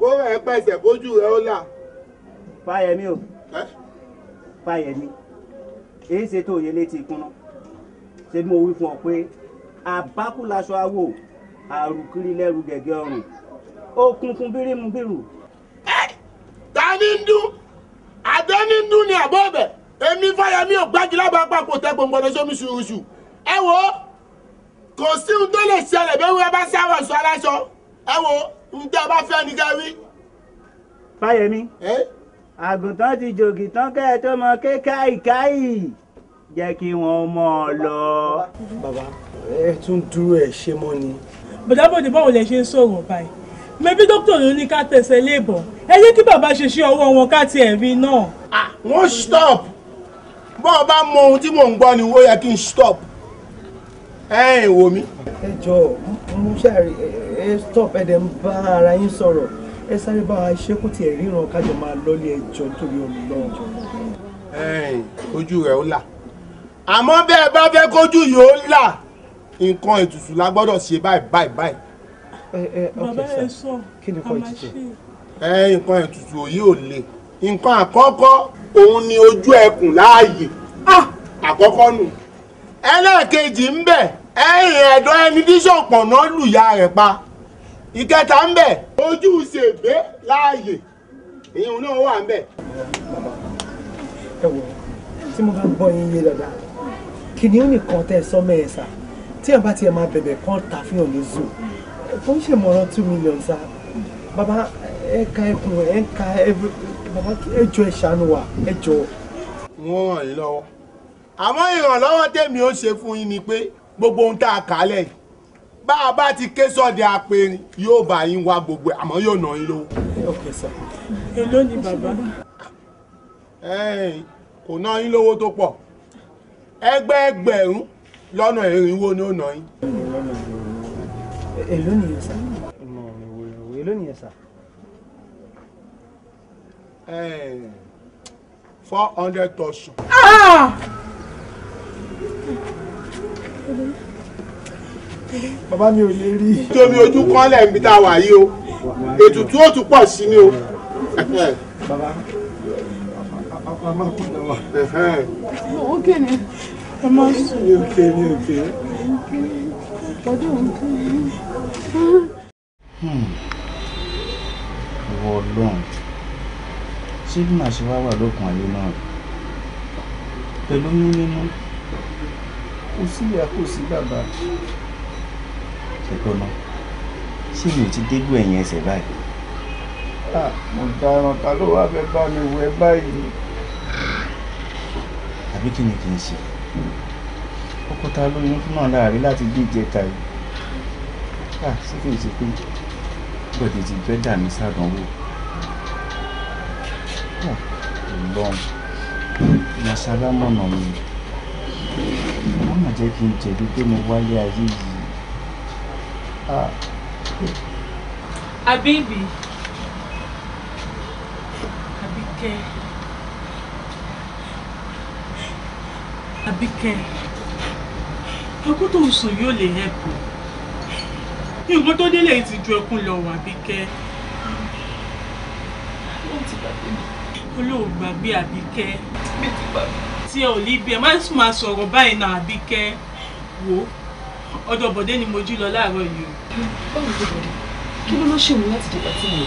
kó rẹ̀ pẹ̀sẹ̀ rẹ̀ o. fáyẹmí èyí ṣe tó yẹ létí ìkúnná ṣe bí mo wí fún ọ pé àbákùlaṣọ awo àrùkiri lẹ́rù gẹ̀gẹ́ ọrùn ó kún fún bírímù bírù. ẹ ta ni ń dún àdé ni ń dún ní àbọ̀ ọ̀bẹ̀ èmi fáyẹmí ò gbájú lábàá papò tẹ gbòǹgbòdò sómi ṣùṣù ẹ wò ó kò sí ohun tó lè ṣẹlẹ̀ bẹ́ẹ̀ wíwá bá sáwọ̀ sọ aláṣọ ẹ wò ó ohun tẹ́ ẹ bá fẹ́ ni ká wí. fáyẹmí. ẹ. Eh? àgùntàn ti jògì tán kẹ́ ẹ tó mọ ké káìkáì jẹ́ kí wọ́n mọ̀ ọ́ lọ. bàbá ẹ tún dúró ẹ ṣe mọ́ ni. bọ̀dá bọ̀dé báwo lẹ ṣe ń sọ̀rọ̀ báyìí mẹbí dókítà ló ní ká tẹ̀sẹ̀ léèbọ̀ ẹ jẹ́ kí bàbá ṣe ṣe ọwọ́ wọn ká tiẹ̀ rí náà. wọ́n stop bọ́ ọ bá mọ ohun tí mò ń gbọ́ ni ó yẹ kí n stop ẹ ẹ wò mí. ẹ jọ mo ṣàrí ẹ stop ẹ dẹ̀ ń bá ara yín sọ̀rọ̀ ẹ sáré bá a ṣe kó tiẹ̀ ríran kájọ máa lọ́lé ẹjọ́ torí olùlọ́ọ̀. ojú rẹ̀ ó là àmọ́ bẹ́ẹ̀ bá fẹ́ kójú yìí ó là nǹkan ètùtù la gbọ́dọ̀ ṣe báyìí báyìí báyìí. bàbá ẹ sọ kí ni nǹkan ètùtù. nǹkan ètùtù òyì ò le nǹkan àkọ́kọ́ òun ni ojú ẹkùn láàyè ah, àkọ́kọ́ nù ẹlẹ́ẹ̀kejì ń bẹ ẹ̀yìn ẹ̀dọ́ ẹni tí ṣọ̀pọ̀nà lùyà rẹ̀ pa ìkẹta ń bẹ ojú ṣègbè láàyè ìyẹn náà wà ń bẹ. ẹ wò tí mo bá gbọ́ yín yé lọ́dà kìnìún nìkan tẹ́ ẹ sọ mẹ́ẹ̀ẹ́sà tí ẹ bá tiẹ̀ máa bẹ̀bẹ̀ kán ta fi hàn ní zoo tó ń ṣèmọ̀ràn two million sa Baba, ẹ ka ẹkùn ẹ ka bàbá ẹ jọ ẹ ṣàánú wa ẹ jọ. wọ́n ràn yín lọ́wọ́ àmọ́ ìrànlọ́wọ́ tèmi ó ṣe fún yín ni pé gbogbo ohun tá a kà á lẹ́yìn bá a bá ti ké sọ́dẹ̀ apẹ̀rin yóò bá yín wá gbogbo àmọ́ yóò nà yín lówó. sir èló ni bàbá. kò ná yín lówó tó pọ̀ ẹgbẹ́ ẹgbẹ̀rún lọ́nà irinwó ni ó nà yín. èló nìyẹn sà. èló nìyẹn sà. four hundred thousand. Ah! bàbá mi ò lè rí. nítorí ojú kọ́lẹ̀ níbi tá a wà yìí o ètùtù ó tún pọ̀ sí ni o. bàbá a máa padà wá. ó kéde ẹ máa sùn. ó kéde ó kéde. ọdún òun kéde. ìwọ ọlọ́run ṣé bí màá ṣe wá wà lókun ayé náà pẹ̀lú yín kò sí ìyá kò sí bàbá ṣẹpẹ́ mọ́ ṣé mi ò ti dégbò ẹ̀yìn ẹsẹ̀ báyìí. mo dáràn ta ló wàá fẹ́ bá mi wẹ báyìí. àbí kí ni kì í ṣe ọkọ ta lóyún fún náà láàrin láti bí ìjẹta yìí ṣé kì í ṣe pé gbọ̀dẹ̀ ti fẹ́ dà mí sàdánwò ọlọ́run ìyá sábà mọ̀nà mi wọ́n mà jẹ́ kí n jẹ̀bi pé mo wálé ayé yìí. Àbíbí Àbíkẹ́ Àbíkẹ́ ẹkún tó ń sùn yóò lè hẹ́pù nǹkan tó délé ti ju ẹkún lọ wà Àbíkẹ́ olóò gbàgbé Àbíkẹ́ tí ẹ ò lè bí ẹ má sùn máa sọ̀rọ̀ báyìí náà Àbíkẹ́ wò ó ọ̀dọ̀ bọ̀dé ni mo jí lọ láàárọ̀ yìí o. báwo ló bọ̀dé kí ló ló ṣe mú láti dìgbà tí mo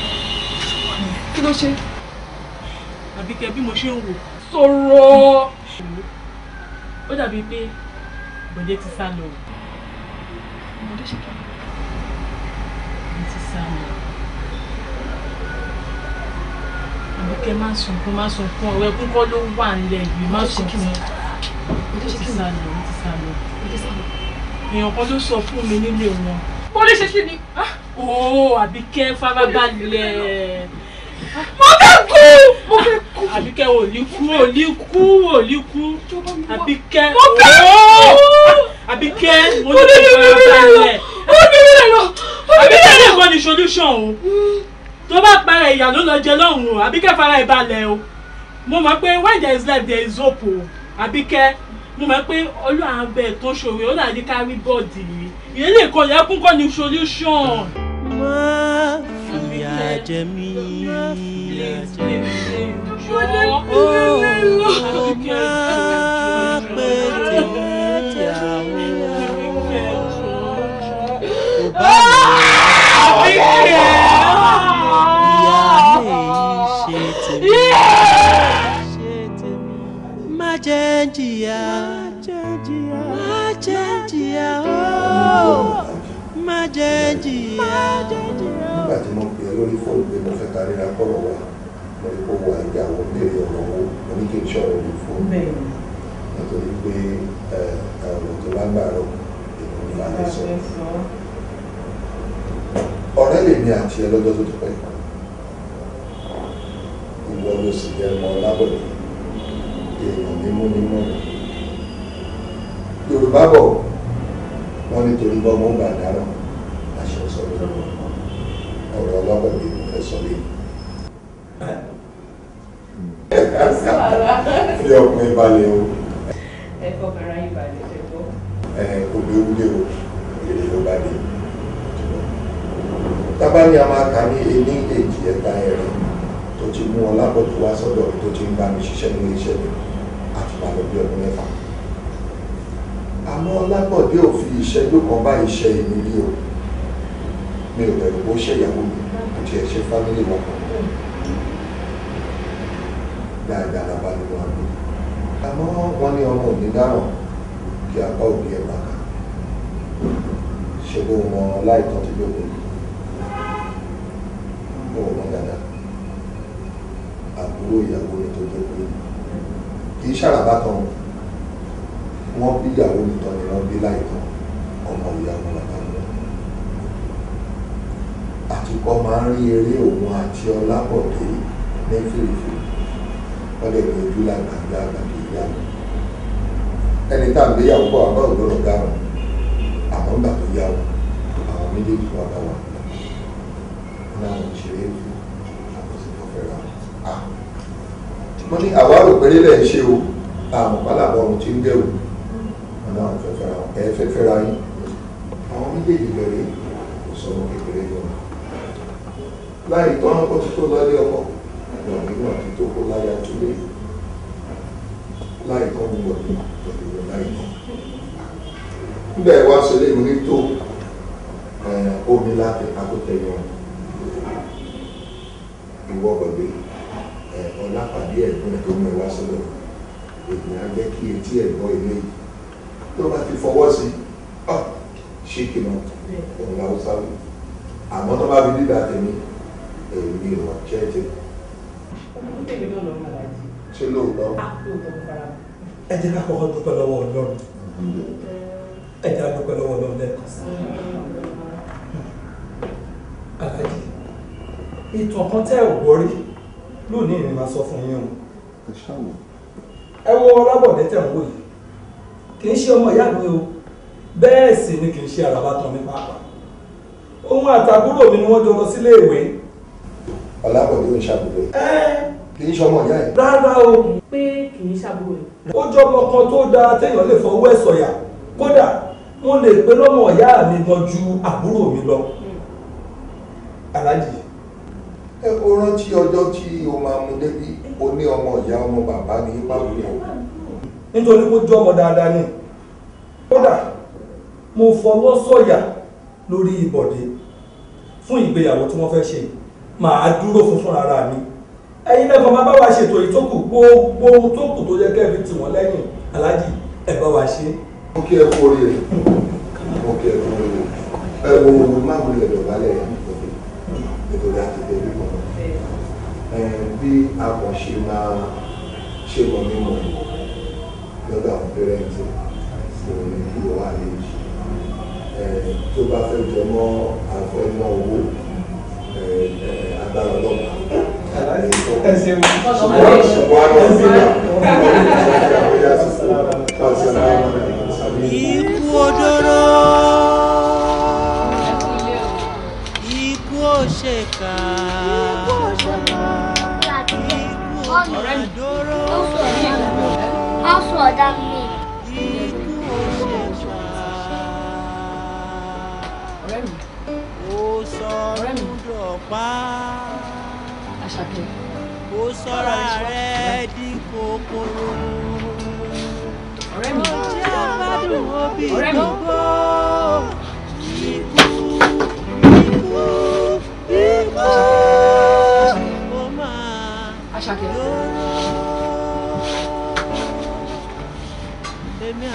rò kí ló ṣe. àbíkẹ́ bí mo ṣe ń wò. sọ̀rọ̀. ó dàbí pé bọ̀dé ti sá lọ. bọ̀dé ṣe kí ni ti sá lọ. àbíkẹ́ má sunkún má sunkún ọ̀rọ̀ ẹkún kọ́ ló wà nílẹ̀ yìí má sunkún. bọ̀dé ṣe kí ni ti sá lọ ti sá lọ èèyàn kan ló sọ fún mi nílé wọn. mo lè ṣe kí ni. Ah! ooo àbíkẹ́ farabalẹ̀. mo fẹ́ kú. mo fẹ́ kú. àbíkẹ́ ò ní kú ò ní kú ò ní kú. àbíkẹ́ ooo àbíkẹ́ mo ní kí farabalẹ̀. mo ní kí lọ. àbíkẹ́ lè kọ́ ni solution o. Hmm. tó bá para ìyá ló lọ jẹ lọ́hùn-ún àbíkẹ́ fara ìbalẹ̀ o. mo mọ̀ pé when there is life there is hope o àbíkẹ́ mo mọ̀ pé olú àbẹ tó ṣòwe ó dàbí kárí bọ́ọ̀dì yìí ìyẹn lè kọ yẹ kún kọ́ solution. má fìyà jẹ mí ó má pé tèmi ìyàwó kò bá mi. jẹ́ jìyà má jẹ́ jìyà ó má jẹ́ jìyà. Oh! nígbà mo pè é lórí fóònù pé mo fẹ́ kárí ra kọ́rọ̀ wa mo rí owó àìgbà àwọn béèrè ọ̀rọ̀ owó mo ní kí n ṣọ̀rọ̀ mi fún nítorí pé ọ̀rọ̀ tó lágbàrọ̀ èmi ni màá lè sọ. àti ẹ lọ́jọ́ tó ti ìwọ ló sì jẹ́ mọ́ lábọ̀dé èèyàn mímúnímú yorùbá bọ̀ wọ́n nítorí bọ́mọ́ gbà dáná àṣẹ sọ̀rọ̀ ọ̀rọ̀ ọlọ́pàá mi ò fẹ́ sọ lẹ́yìn. fi ọkùnrin balẹ̀ o. ẹ fọkàrà yín balẹ̀ ṣe gbọ́. ẹ kò gbé wúlé o èrè ló bá dé. tábàní a máa kà ní ení èjì ẹ̀ta ẹ̀rẹ̀ tó ti mú ọ lápò tó wá sọ́dọ̀ tó ti ń bá mi ṣiṣẹ́ nílé iṣẹ́ mi ṣùgbọ́n lọ bí ọdún mẹ́fà àmọ́ lápọ̀dé ò fi ìṣẹ́jú kan bá ìṣe èmi rí o mi ò bẹ̀rù bó ṣe ìyàwó mi kò tiẹ̀ ṣe fámílì wọn kan dáadáa la bá nínú àgbo àmọ́ wọ́n ní ọmọ òní dáràn kí apá òbí ẹ̀ bàkà ṣe bó wọn láìtọ́ tó jókòó mo wọ̀ wọ́n dáadáa àbúrò ìyàwó mi tó jókòó yìí kì í ṣàràbà kan wọ́n bí ìyàwó nìkan ni wọ́n bí láì kan ọmọ ìyàwó bàbá wọn àtúkọ máa ń rí eré òun àti ọlábọ̀dé ní fèrèfèrè wọ́n lè gbé ojú lágbàgbà àgbàdo ìyàwó ẹni tá à ń gbéyàwó bọ̀ àbá ògbọ́dọ̀ dáhùn àmọ́ ń gbà tó àwọn méjèèjì wà bá wà náà òṣèré ìlú àkọsílẹ̀ fẹ́ràn àwọn mo ní àwárò péré lẹ̀ ń ṣe o àwọn pálábọ̀ ọ̀run ti ń gẹ̀rù ọ̀nà àwọn fẹ́fẹ́ yín àwọn méjèèjì bẹ̀rẹ̀ kò sọ ọmọ kékeré lọ láì tán ó ti tó lọ́lé ọkọ̀ ọ̀nà nígbà tí tó kó láyà túlé láì tán mo wọ̀lú pẹ̀lú láì tán nígbà ìwà sílé mi ní tó omi láti akótẹ́yọ ìwọ́ ọlápàdé ẹ̀gbọ́n ẹ̀ tó mú ẹ wá sọ́dọ̀ èèyàn á jẹ́ kí etí ẹ̀gbọ́n ilé tó bá ti fọwọ́ sí ṣé kí n òun làwùsá wù àmọ́ tó bá fi dídà tèmi èmi ò jẹ́ tèmi. ṣé lóòótọ́ ẹ jẹ́ ká kọ́kọ́ dúpẹ́ lọ́wọ́ ọlọ́run ẹ jẹ́ ká dúpẹ́ lọ́wọ́ ọlọ́run lẹ́ẹ̀kan sí i alájí ìtàn kan tẹ́ ò wọ́rí lónìí ni màá sọ fún yín o. ẹ wo ọlábọ̀dé tẹ̀ ń wò yìí kì í ṣe ọmọ ìyá mi o bẹ́ẹ̀ sì ni kì í ṣe àràbà tán mi pàápàá òun àtàbúrò mi ni wọ́n jọ lọ sílé ìwé. ọlábọ̀dé ń ṣàbùrò kì í ṣọmọ ìyá ẹ. rárá o. pé kì í ṣàbùrò. ó jọ ọmọ kan tó dáa téèyàn lè fọwọ́ ẹ̀ sọ̀yà kódà mo lè pe lọ́mọ ìyá mi gan ju àbúrò mi lọ. Hmm. aláàjì ẹ o rántí ọjọ́ tí o máa mú débi o ní ọmọ ìyá ọmọ bàbá ní pápẹ́ o. nítorí kó jọ ọmọ dáadáa ni kódà mo fọwọ́ sọ̀yà lórí ìbọ̀dé fún ìgbéyàwó tí wọ́n fẹ́ ṣe màá dúró fún fún ara mi ẹ̀yin lẹ́kọ̀ọ́ máa bá wa ṣètò èyí tó kù gbogbo ohun tó kù tó yẹ kẹ́ fi tì wọ́n lẹ́yìn aláàjì ẹ bá wa ṣe. mo kí ẹ kú oríire mo kí ẹ kú oríire ẹ wo máa wulẹ̀ dọ̀bálẹ̀ nítorí àti tẹ̀lé. Eh, bí a kàn ṣe máa ṣe mọ̀ mímọ̀ lọ́dọ̀ àwọn pẹ́rẹ́ǹtì òun kí o wà lè jì tó bá fẹ́ jọ mọ́ àfẹ́mọ́ owó eh, eh, agbára ọlọ́pàá. Ikú òdòdó, ikú òṣèkà ọ̀rẹ́ mi á sùn ọ̀dà mi. ọ̀rẹ́ mi ọ̀rẹ́ mi àṣàkẹ́. ó sọ́ra rẹ̀ di kòkòrò. ọ̀rẹ́ mi ọ̀rẹ́ mi ọ̀rẹ́ mi ọ̀rẹ́ mi. Ah! Èdè ni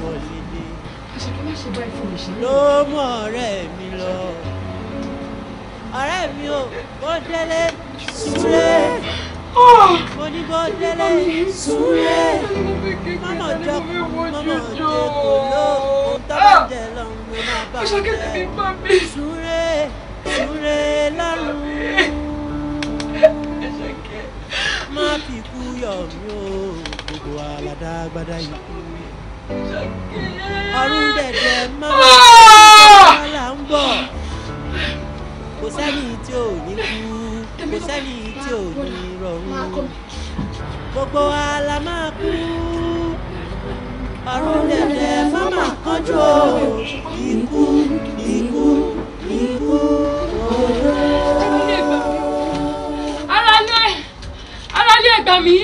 wọ́n lé dé. Àṣàkẹ́ má ṣe bá ìfún mi ṣe. Ló mú ọ̀rẹ́ mi lọ. Ọ̀rẹ́ mi ò bó délé súré. Ah! Mo ní bó délé súré. Mọ́mọ́ jọ mọ́mọ́ jẹ kò ló. Tọ́lá jẹ lọ́run ló máa bá mi. Àṣàkẹ́ ti fi bá mi. Súré. Súre lọ́rùn. Má fi kú yọ̀ mí o, gbogbo àlàdá gbadá ikú. Ọ̀run dẹ̀dẹ̀ má bàa là ń bọ̀. Kò sẹ́ni tí ò ní kú, kò sẹ́ni tí ò ní rọrùn. Gbogbo àlà máa kú àrùn dẹ̀dẹ̀ fámà kánjú ikú ikú ikú. ayé ẹ̀gbà mi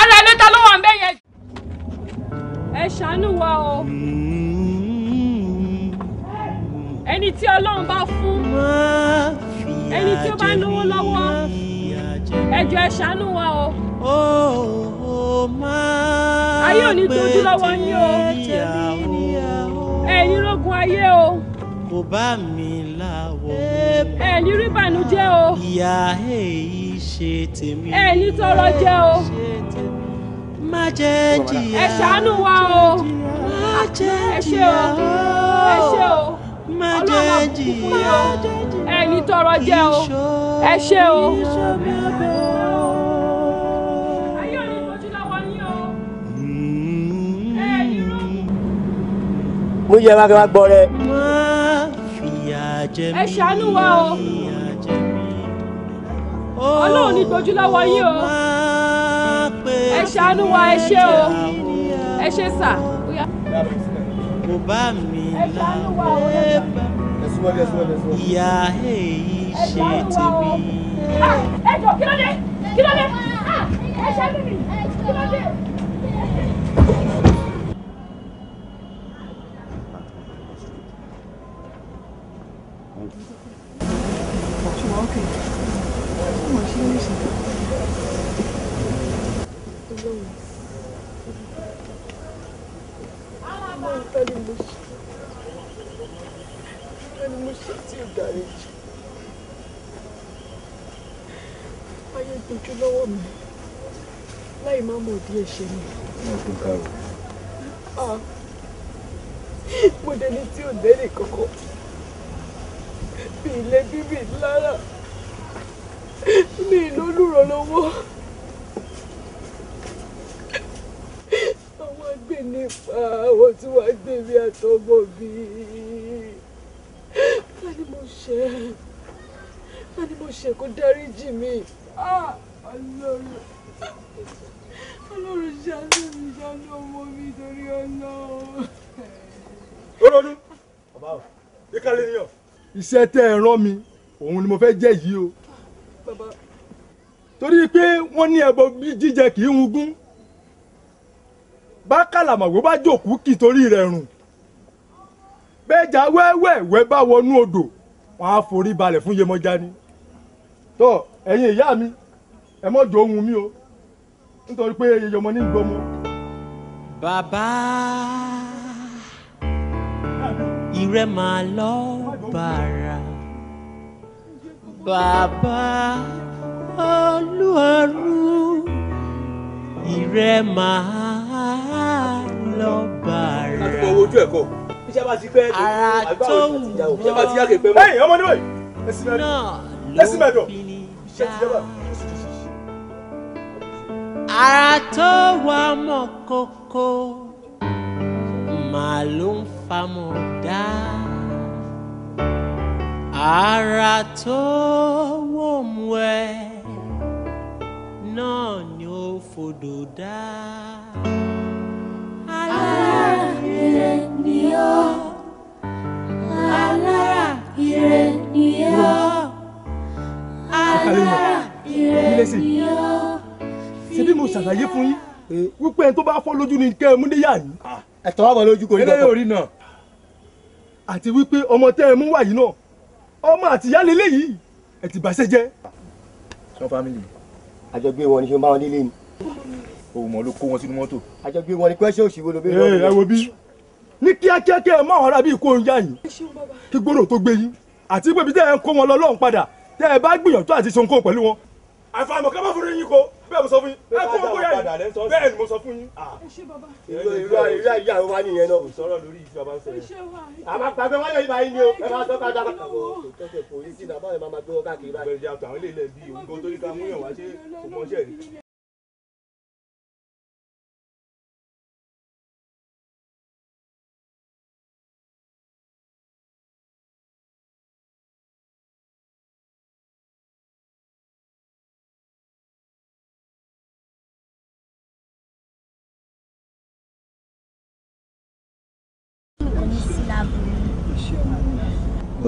ara ilé ta ló wà ń bẹ́ yẹn. ẹ ṣàánú wa o ẹni tí ọlọ́run bá fún ẹni tí ó bá lówó lọ́wọ́ ẹ jọ̀ọ́ ẹ ṣàánú wa o. ayé ò ní dojú lọ́wọ́ yín o ẹ̀yin rogun ayé o. kò bá mi láwọ̀. ẹ̀yin rí ìbànújẹ́ o. ìyá èyí ṣe tèmi. ẹ ní tọrọ jẹ o. má jẹ́ jìyà. ẹ ṣàánú wa o. má jẹ́ jìyà o. ẹ ṣé o. má jẹ́ jìyà o. ẹ ní tọrọ jẹ o. ẹ ṣé o. mo yẹ ma kí gbọ́ rẹ. ẹ ṣàánú wa o ọlọ́run ní gbójú lọ́wọ́ yín o ẹ ṣàánú wa ẹ ṣé o ẹ ṣé sà. kò bá mi láwé bá ìyá èyí ṣe tèmi. Ah, díẹ̀ ṣe ni. mo dẹni tí ò dẹ́rì kankan bí ilé bíbí lára mi lólùrànlọ́wọ́ àwọn agbè nípa àwọn tí wàá gbé mi àtọmọ mi ká ní mo ṣe ká ní mo ṣe kó dáríjì mi. Ah, I ọlọ́mọ mi torí iṣẹ́ tẹ́ ẹ rán mi òun ni mo fẹ́ jẹ́ yìí o. torí pé wọ́n ní ẹbọ jíjẹ kì í hungún bá kàlàmọ̀wé bá jòkú kì torí rẹ̀ rùn bẹ́ẹ̀jà wẹ́wẹ́wẹ́ bá wọnú odò wọn á forí balẹ̀ fún Yemọja ni tó ẹ̀yin ìyá mi ẹ mọ̀jọ ohun mi o nítorí pé yeyọmọ ní gbọmọ. Baba, ìrẹ́ máa lọ bàrà bàbá olúwarú ìrẹ́ máa lọ bàrà. àti fọwọ́ ojú ẹ̀ kọ́ ara tó wù ọ́ iṣẹ́ ọmọ níbẹ̀ ẹ̀sìn mẹ́dọ̀ ẹ̀sìn mẹ́dọ̀ iṣẹ́ ti ara tó wà mọ́ kókó kókó màá ló ń famọ̀ dá ara tó wò mú ẹ ire ni ọ́ ire ni ọ́ alára ire ni ọ́. ṣebí mo wípé ẹni tó bá fọ́ lójú ni kẹ́ ẹ mú níyà ní. Ah, ẹ̀tọ́ wà bọ̀ lójú kò ní dọ́kọ̀. eléyìí ò rí náà. àti wípé ọmọ tẹ́ ẹ mú wà yìí náà ọmọ àtìyá lélẹ̀ yìí ẹ ti bàṣẹ jẹ́. sọ fámìlì. àjọgbé wọn ni ṣe ń bá wọn nílé ni. òun mọ̀ ló kó wọn sínú mọ́tò. àjọgbé wọn ni pẹ́ṣẹ́ òṣìwò ló bẹ̀rẹ̀ lọ́wọ́. ẹ wo bí ní kíákíá kẹ́ ẹ má ọ̀rá bíi kó ń yá yín kí gbòòrò tó gbé yín àti pé bí tẹ́ ẹ kó wọn lọ lọ́hùn padà tẹ́ ẹ bá gbìyànjú àti ṣoǹkó pẹ̀lú wọn àfàmọ̀ ká má fún yín ko bẹ́ẹ̀ mo sọ fún yín ẹ fún owó yá yìí bẹ́ẹ̀ ni mo sọ fún yín. ìlú ìlú ìlú ayé àwọn wa nìyẹn náà. sọ̀rọ̀ lórí ìjọ bá ń sọ yẹn. àmà gbàgbé wọn lè báyìí ni o ẹ máa tọ́ka dábà. kẹsẹ̀ kò yí sí nàbọ̀ ẹ̀ máa gbé wọn káàkiri báyìí. bẹ̀rẹ̀ jàpọ̀ àwọn ilé ilẹ̀ bíi òǹkó torí ká múyàn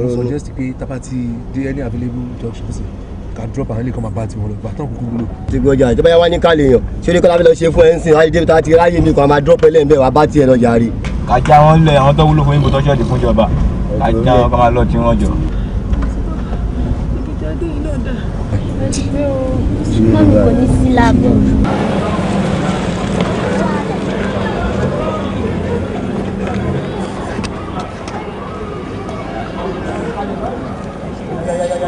mo just pé tábà ti dé any available junction sí ká drop àwọn ilé kan máa bá tiwọn lọ ìgbà tán kúkú wúlò. ti gbọ́jà ìjọba yà wá ní kálí yàn ṣé ní kọ́lá fi lọ ṣe fún ẹ ń sìn láyé débi tá a ti ráyè ní kan máa drop ẹlẹ́yìn bẹ́ẹ̀ wá bá tiẹ̀ lọ yàrá. kàjá wọn lẹ àwọn tó wúlò fún yín kó tọ́jú ọ̀dì fún ìjọba kàjá wọn kọ́ máa lọ tí wọ́n jọ. ìjọba yìí náà dà ẹ ti gbé o má mi kò ní sí lábẹ́.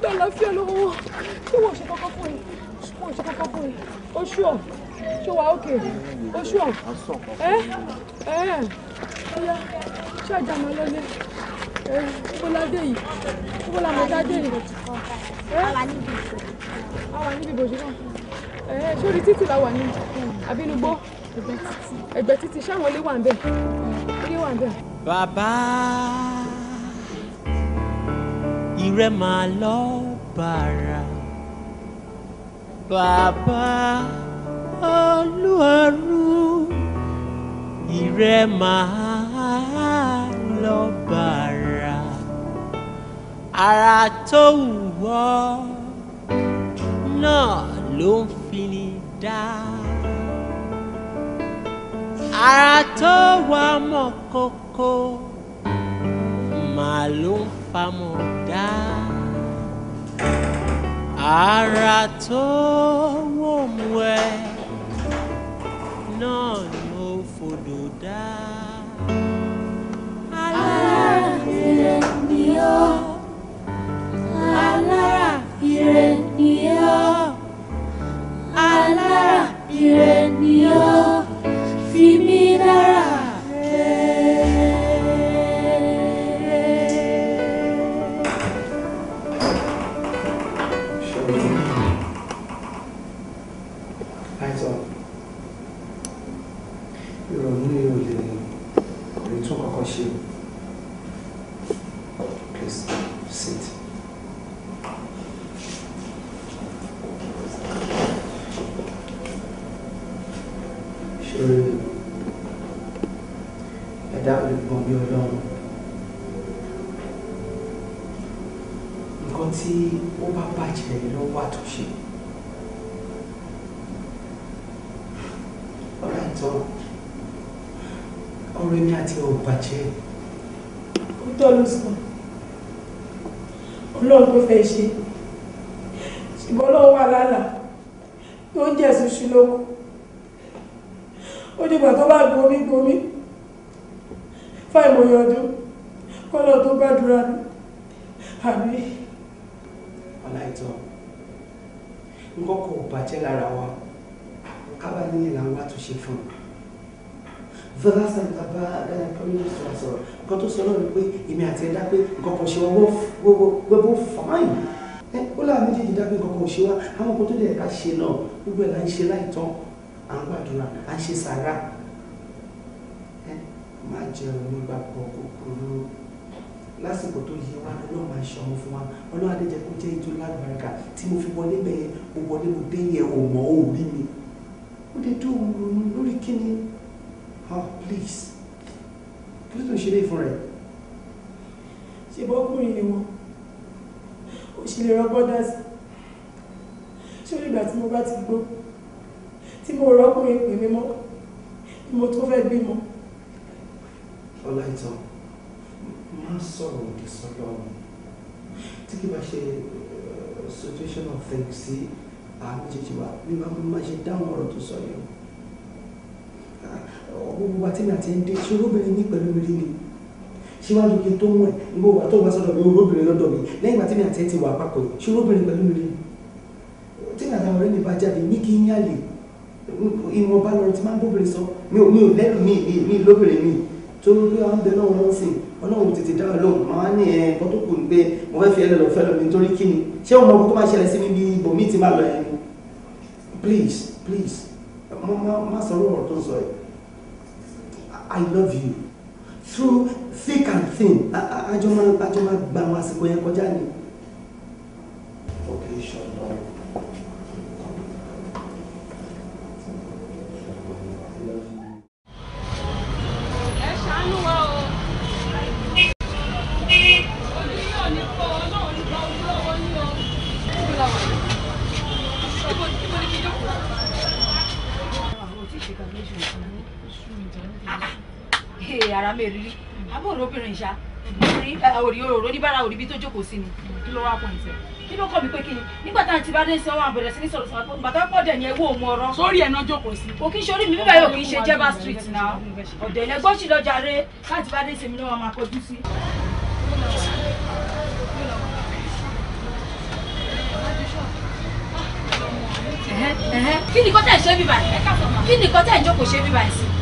gba àlàáfíà lọ́wọ́ wọn tí wọ́n ṣe kọ́kọ́ fún yìí wọ́n ṣe kọ́kọ́ fún yìí oṣù ọ̀ ṣé wàá òkè oṣù ọ̀ ẹ́ ẹ́ ọ̀yá ṣé àjà máa lọ lé ẹ́ ìbóládé yìí ìbóládé yìí ẹ́ àwa níbi ìbòjú náà ẹ́ sórí títì la wà ní àbínúgbó ẹ̀gbẹ́ títì ṣáwọn ilé wà ń bẹ̀ ilé wà ń ìrẹ́ máa lọ bàrà bàbá olúwarú ìrẹ́ máa lọ bàrà ara tó wù ọ́ náà ló ń fini dá ara tó wà mọ́ kókó màlúù ń famọ̀ dá ara tó wò mú ẹ náà ni ó fòdò ire ni ó alára ire ni ó alára ire ni ó fi mí lára. sit. Surely, I doubt it won't be alone. Nǹkan tí ó bá bàjẹ́ ló wà tó ṣe. Ọ̀rẹ́ ìtọ́, ọ̀rẹ́ mi àti ò Ó tọ́ ló sọ. ọlọ́run ló fẹ́ ṣe ṣùgbọ́n wà tó ń jẹ̀sùn ṣu ó dìgbà tó bá gbomi gbomi fáìmọ̀yọ̀ ọdún kọ́lọ̀ tó gbàdúrà ní àbí. bàjẹ́ lára wa là fún un. the last time baba nǹkan tó sọ náà ni pé èmi àti ẹ̀dá pé nǹkan kan ṣe wọn wọ́n bó fáìn ẹ ó láàmú jíjìn dá pé nǹkan kan ṣe wá àwọn nǹkan tó dẹ̀ ká ṣe náà gbogbo ẹ̀ là ń ṣe láìtàn à ń gbàdúrà à ń ṣe sàárà ẹ máa jẹun nígbà pọ̀ kúkúrú lásìkò tó yẹ wá ọlọ́run máa ṣọmọ fún wa ọlọ́run adéjẹ kó jẹ́ ìjọ lágbàrúkà tí mo fi wọlé bẹ́ẹ̀ mo wọlé mo dé yẹn ò mọ̀ ò rí mi ó lè dún òun ronú lórí kíni oh please kí ló tó ń ṣe léyìí fún rẹ̀ ṣe bọ́kùnrin ni wọn ò ṣe lè rọ́gbọ́ dá sí ṣé nígbà tí mo bá ti gbó tí mo rọ́kùnrin pè mí mọ́ ni mo tó fẹ́ bímọ. ọlá ìtàn máa sọ̀rọ̀ òdì sọ́dọ̀ tí kì bá ṣe eh, situation of things sí àwọn méjèèjì wa bí máa ṣe dáhùn ọ̀rọ̀ tó sọ yìí gbogbo àti mi àti dé ṣé olóbìnrin ní pẹ̀lú rere ni síwájú kí n tó mú ẹ gbogbo wa tó wá sọ́dọ̀ mi olóbìnrin lọ́dọ̀ mi lẹ́yìn àti ẹ ti wà papọ̀ yìí olóbìnrin pẹ̀lú rere ni tí mi àtàwọn ọ̀rẹ́ mi bá jáde ní kí n yálè ìwọ̀nba lọ́rọ̀ tí máa ń bóbìnrin sọ mi ò mi ò lẹ́nu mi mi lóbìnrin mi tó lórí àwọn ọ̀dẹ náà wọ́n sìn ọlọ́run tètè dá ọlọ́run màá ní ẹ nǹkan tó kù ní pé mo fẹ́ fi ẹ lọ fẹ́ lọ nítorí kí ni ṣé o mọ ọkọ tó máa ṣẹlẹ̀ sí mi bí ibòmí ti máa lọ ẹ please please mo má sọ lóhùn tó sọ i love you through thick and thin ajọ máa gbà wọn àsìkò yẹn kọjá ni. okay sure. òrì òrò oníbàárà òrì bí tó jókòó sí ni kí ló wá pọ̀ ìṣẹ́ kí ló kọ́ mi pé kí ni nígbà tá à ń ti bá dé sí ọwọ́ àbẹ̀rẹ̀ sí ní sọ̀rọ̀ sọ̀rọ̀ bàtà pọ̀ dẹ̀ ni ẹ̀wọ́ òun ọ̀rọ̀. sórí ẹ̀ náà jókòó sí. kò kí n ṣorí mi bíbá yóò kì í ṣe jẹba street náà ọ̀dọ̀ ilẹ̀ gbọ́sì lọ́jà rẹ láti bá dé sèmi náà máa kọjú sí. kí ni kọ́tà ìṣe bíbá yìí kí ni kọ́tà ìjókòó ṣe bíbá yìí sí.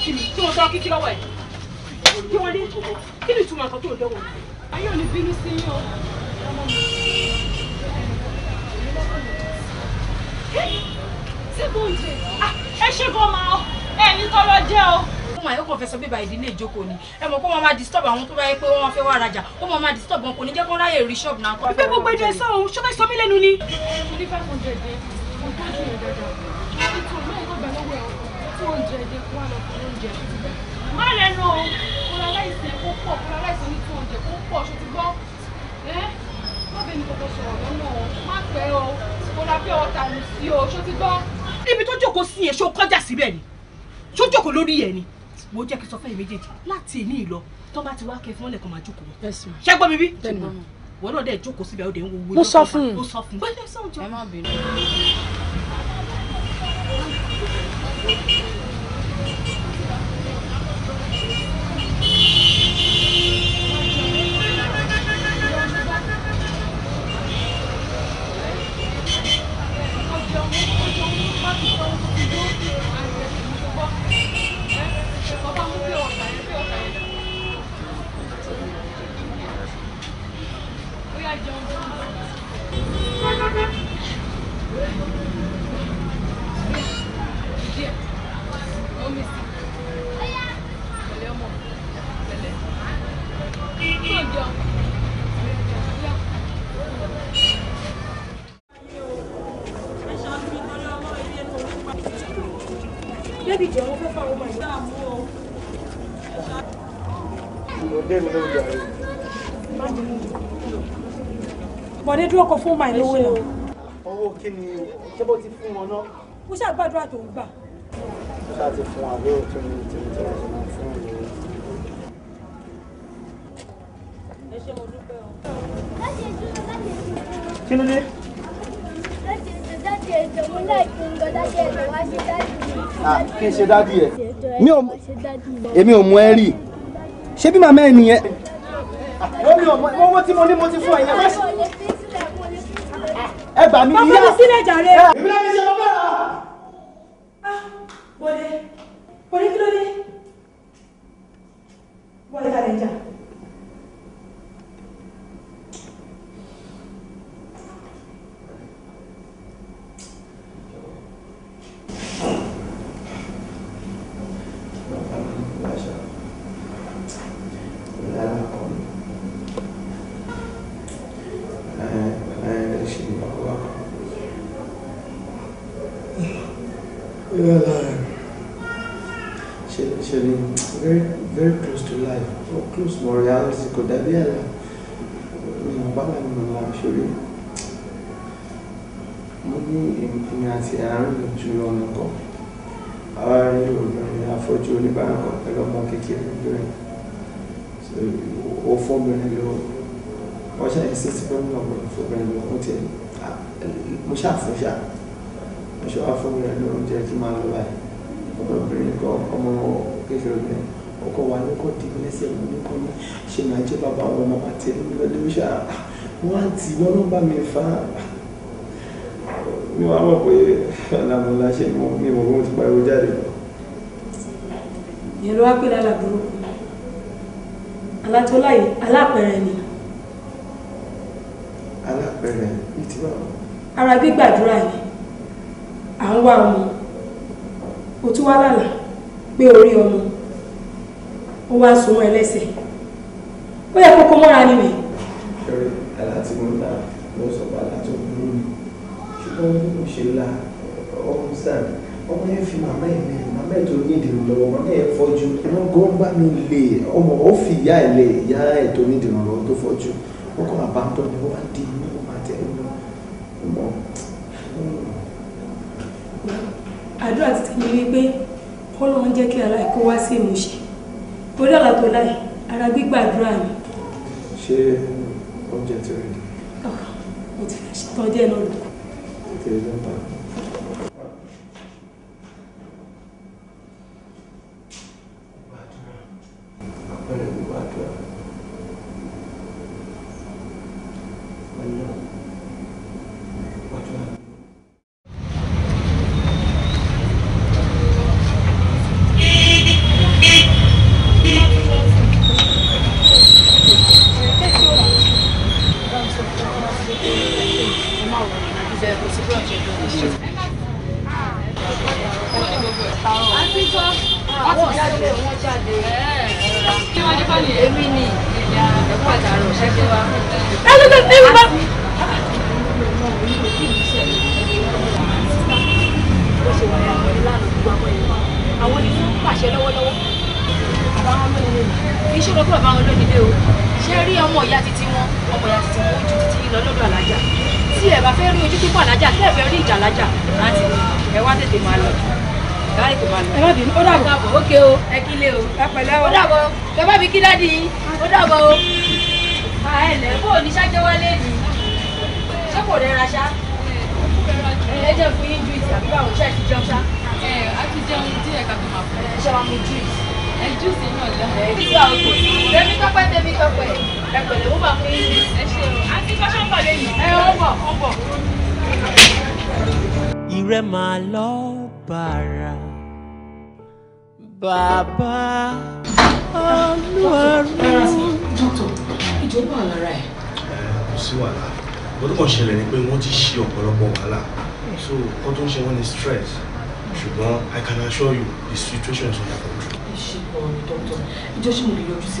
kí ni túmọ̀ tó kí lọ́wọ́ ẹ̀ kí wọ́n dé kí ni túmọ̀ nǹkan tó ń dẹ́wọ̀n ayé ò ní bínú sí yín o. sẹ́gun oúnjẹ ah, ẹ ṣe gan ma ọ ẹ ní tọrọ jẹ o. ó máa yẹ kó fẹsọ bíbá ìdílé disturb àwọn tó bá yẹ pé wọ́n fẹ́ wá rajà ó máa máa disturb wọn kò ní jẹ́ kó ráyè rí ṣọ́ọ̀bù náà. bíbẹ́ gbogbo ẹ̀jẹ̀ sọ òun ṣọ́fẹ́ sọ mí lẹ́nu ni. mo ní five hundred dé mo tọ́jú pọ̀ ṣe ti gbọ́ ẹ́ má bẹ́ẹ̀ ni sọ̀rọ̀ lọ́nà o má pẹ́ o kò ra pé ọ̀tà mi sí o ṣe ti gbọ́. ibi tó jókòó sí yẹn ṣó kọjá síbẹ̀ ni ṣó jókòó lórí yẹn ni mo jẹ́ kí sọ fẹ́yìn méjèèjì láti ìní ìlọ tó bá ti wá kẹ́ fún ọ̀lẹ́kọ̀ máa jókòó ṣé gbọ́ mi bí wọn náà dẹ̀ jókòó síbẹ̀ ó dẹ̀ ń wo owó mo sọ fún un mo sọ fún un Thank you. Débìtì ọmọ fẹ́ fà ó máa ń dá àmú o. Ọmọdé mi ló ń jà. bọ̀dé dúró kó fún màá lówó náà. owó kí ni ṣé bó ti fún wọn náà. mo ṣàgbàdúrà tó ń gbà. mo ṣáà ti fún àbúrò tó ní tèmi tí wọ́n ṣe máa fún mi. ẹ ṣe mo dúpẹ́ o. kí ló dé. láti ètò dájú ètò mo láìpẹ́ ń gbọ́ dájú ètò wá ṣe dájú mi. Ah, kí n ṣe dájú yẹ. mi ò èmi ò mú ẹ rí ṣé bí màmá ẹ nìyẹn. wọ́n mi ò mọ owó tí mo ní mo ti fún ẹ yẹn ẹ gbà mí níyà. bàbá mi sílẹ̀ jàre. ìbílẹ̀ mi ṣe bàbá rà. Ah, Bọ̀dé Bọ̀dé kí ló dé? Bọ̀dé kàlẹ̀ jà. kò dàbí àlà ìwọ̀nba náà ni mo ṣòro mo ní èmi àti àárín jùlọ nìkan àwa rí obìnrin afọ́jú oníbàárà kan pẹ̀lú ọmọ kékeré obìnrin ó fọ́bìnrin lọ wọ́n ṣe àìsí sí pé mo náà gbọ́dọ̀ fọ́bìnrin lọ ó tiẹ̀ mo ṣàfún ṣá mo ṣe wá fọ́bìnrin lọ oúnjẹ kí n máa lọ báyìí ọmọbìnrin kan ọmọ kékeré obìnrin ọkọ wa ní kò di mí lẹ́sẹ̀ mo ní kò ní ṣe máa jẹ́ bàbá ọ̀rọ̀ bàbá tẹ̀lé mi lọ́dún ṣá ah, wọ́n á ti wọ́n ló ń bá mi fa mi wàá mọ̀ pé ọ̀làmọ̀ la ṣe mọ̀ mi mọ̀ bí mo ti pariwo jáde lọ. ìyẹn ló lára burúkú alátọ́láyé alápẹ̀rẹ̀ ni. alápẹ̀rẹ̀ bíi ti báwo. ara gbígbàdúrà ni à ń wá ọmọ òtún wá lálàá pé orí ọmọ ó wá so mọ́ ẹlẹ́sẹ̀ ó yẹ kókó mọ́ra ni rèé. ṣeré aláàtí mo ta ló sọ pé aláàtọ̀ burú mi ṣùgbọ́n bí mo ṣe la ọkùnrin sáà ọmọ yẹn fi màmá ẹ̀ lẹ̀ màmá ẹ̀ tó ní ìdìrànlọ́wọ́ màmá ẹ̀ fọ́jú inú gan mi lè ọmọ ó fi ìyá ẹ̀ lẹ̀ ìyá ẹ̀ tó ní ìdìrànlọ́wọ́ tó fọ́jú ọkọ̀ àbántọ́ ni ó wá dé inú ọmọ àtẹ ẹnu ọmọ. àdúrà ti tẹ̀lé wípé kọ́lọ́ ń jẹ́ kí aláìkó wá sí ìmúṣẹ ó dàgbà tó láì ara gbígbàdúrà ni. ṣé oúnjẹ ti rẹ̀ dé. mo ti fẹ́ ṣe tọ́jú ẹ lọ́dún. tètè ló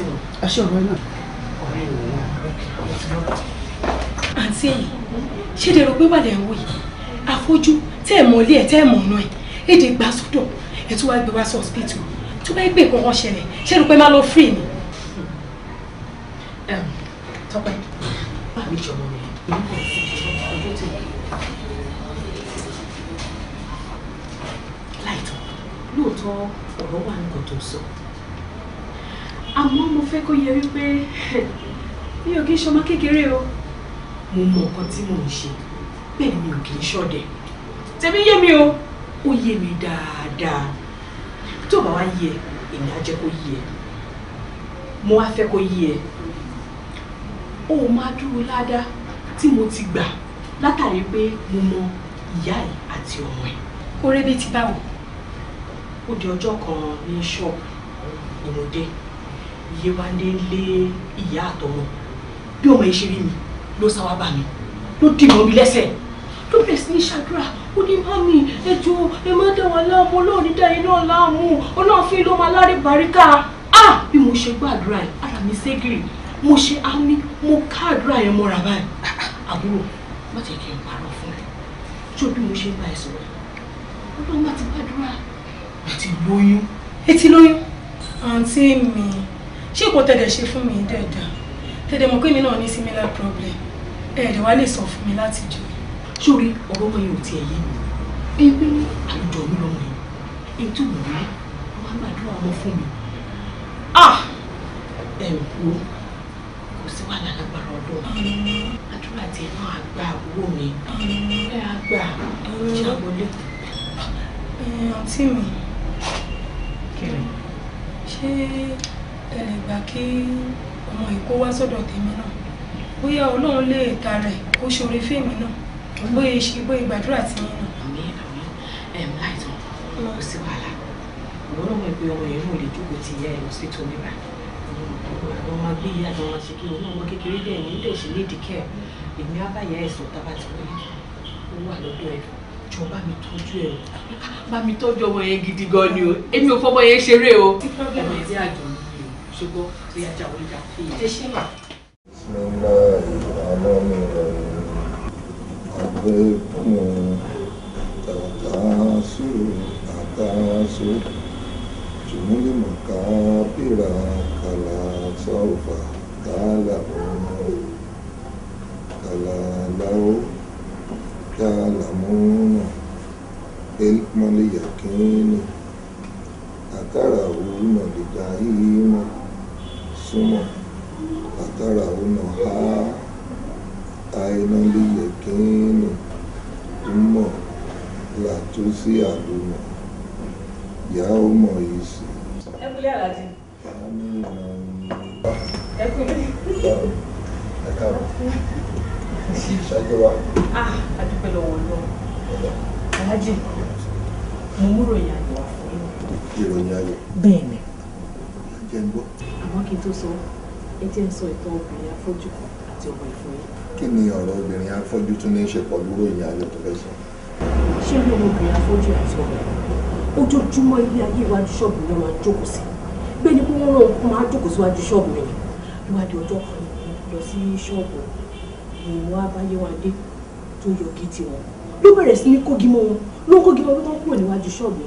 àǹtí mi. àṣé ọ̀rẹ́ náà. ọ̀rẹ́ mi náà ọ̀rẹ́ ti lọ́wọ́. àǹtí yìí ṣé dèrò pé wàlẹ̀ ń wò yìí afọ́jú tẹ́ ẹ̀ mọ̀ ilé ẹ̀ tẹ́ ẹ̀ mọ̀ ọ̀nà ẹ̀ èdè gbà sọ́dọ̀ ẹ̀ tó wá gbé wá sí hospital tó bá gbé nǹkan kan ṣẹlẹ̀ ṣé dèrò pé má lọ free ni. Hmm. tọ́pẹ́ bá mi jọ̀wọ́ mi láìtọ́ lóòótọ́ ọ̀rọ̀ wà nǹkan tó sọ fẹ́ kó yẹ wípé mi ò kí ń ṣọmọ kékeré o mo mọ nǹkan tí mò ń ṣe bẹ́ẹ̀ mi ò kì í ṣọdẹ tèmi yé mi o ó yé mi dáadáa tó bá wá yé èmi á jẹ́ kó yé mo wá fẹ́ kó yé ó máa dúró ládàá tí mo ti gbà látàrí pé mo mọ ìyá ẹ̀ àti ọmọ ẹ̀. kórè bíi ti báwọn. ó di ọjọ́ kan ní ṣọ́ọ̀bù ìmọ̀dé. Yéwándé lé ìyá àtọmọ bí ọmọ yìí ṣe rí mi ló sá wá bá mi ló dì mọ́ mi lẹ́sẹ̀ ló bẹ̀rẹ̀ sí ní ṣàdúrà ó ní mami ẹ jọ̀ọ́ ẹ má dá wa láàmú ọlọ́run ní dáyé náà láàmú ọlọ́run fún ìlú ọmọ alárè bàríkà á bí mo ṣe gbàdúrà yìí ara mi ségìrì mo ṣe àmì mo ká àdúrà yẹn mọ́ra báyìí àbúrò má jẹ́ kí n parọ́ fún ẹ tí o bí mo ṣe ń bá ẹ sọ̀rọ̀ ọlọ́run má ti gbàdúrà ẹ ti lóyún ẹ ti lóyún àǹtí mi ṣé kò tẹ̀dẹ̀ ṣe fún mi dẹ̀dà tẹ̀dẹ̀ mọ̀ pé mi náà ní similar problem ẹ̀ẹ̀dẹ̀ wá lè sọ fún mi láti jọ. sórí ọ̀rọ̀ ọmọ yìí ò tiẹ̀ yé mi pé àlùjọ mi lọ́mọ yìí èyí tó wọ̀ mí wọ́n á gbàdúrà ọmọ fún mi. Ah! ẹ̀ wo kò sí wàhálà lágbára ọdún àdúrà tiẹ̀ náà àgbà owó mi ẹ̀ àgbà ṣàwọlé. àǹtí mi ṣé ẹ lè gbà kí ọmọ ìkó wá sọ́dọ̀ tèmi náà bóyá ọlọ́run lè ta rẹ̀ kó ṣoore fèmí náà bóyá ṣe bóyá gbàdúrà tí yín náà. àmì àmì ẹ̀m láìtàn ló sì wàhálà ìwọ́n mọ̀ pé ọmọ yẹn mò lè jókòó ti ìyá ẹ̀ lọ sí tòun níbà àwọn ọmọ gbé ìyá àti ọmọ ṣe kí òun ọmọ kékeré dẹ̀ ní ilé ìṣe ní ìdíkẹ́ èmi abáyà ẹ̀sùn tábà ti wọlé ó wà lọ́dọ̀ ẹ̀ jọ bá mi tọ́jú ẹ̀ bá mi tọ́jú ọmọ yẹn gidi gan ni o èmi ò fọmọ yẹn ṣeré o ọmọ yẹn ti àjọ ṣùgbọ́n bí ajá wọlé jà fi ìdè ṣe mà. nílá ìlànà mi rẹ̀ àgbẹ̀kùn tàtàṣù tàtàṣù tùmílìmọ̀ká bìrà kàlà sọ́ọ̀fà kàlà ọ̀nà kàlà láwọ́ kàlà yìí mọ́lẹ̀. السمع أترونها عين اليقين ثم لا تسألون يومئذ Ẹ káàbọ̀. Ṣáájú wa. Ah, a dúpẹ́ lọ́wọ́ lọ́wọ́. Alájì, mo múròyìn ayọ̀ wá fún yín. Ìròyìn ayọ̀. Bẹ́ẹ̀ni. Jẹ́ ń gbọ́ àmọ́ kí n tó sọ ẹ jẹ́ ń sọ ìtàn obìnrin afọ́jú kan àti ọmọ ìfún yín. kí ni ọ̀rọ̀ obìnrin afọ́jú tún ní í ṣe pẹ̀lú ròyìn ayọ̀ tó fẹ́ sọ. ṣé ló ń obìnrin afọ́jú àti ọmọ ìfún ojoojúmọ́ ilé ayé iwájú ṣọ́ọ̀bù ni wọ́n máa jókòó sí bẹ́ẹ̀ ni pé wọ́n rán ọkùnrin máa jókòó síwájú ṣọ́ọ̀bù mi ìwádìí ọjọ́ kan lọ sí ṣọ́ọ̀bù ìwọ abáyéwádé tó yọ gidi wọn ló bẹ̀rẹ̀ sí ní kógímọ́ wọn ló ń kógímọ́ ló kúrò níwájú ṣọ́ọ̀bù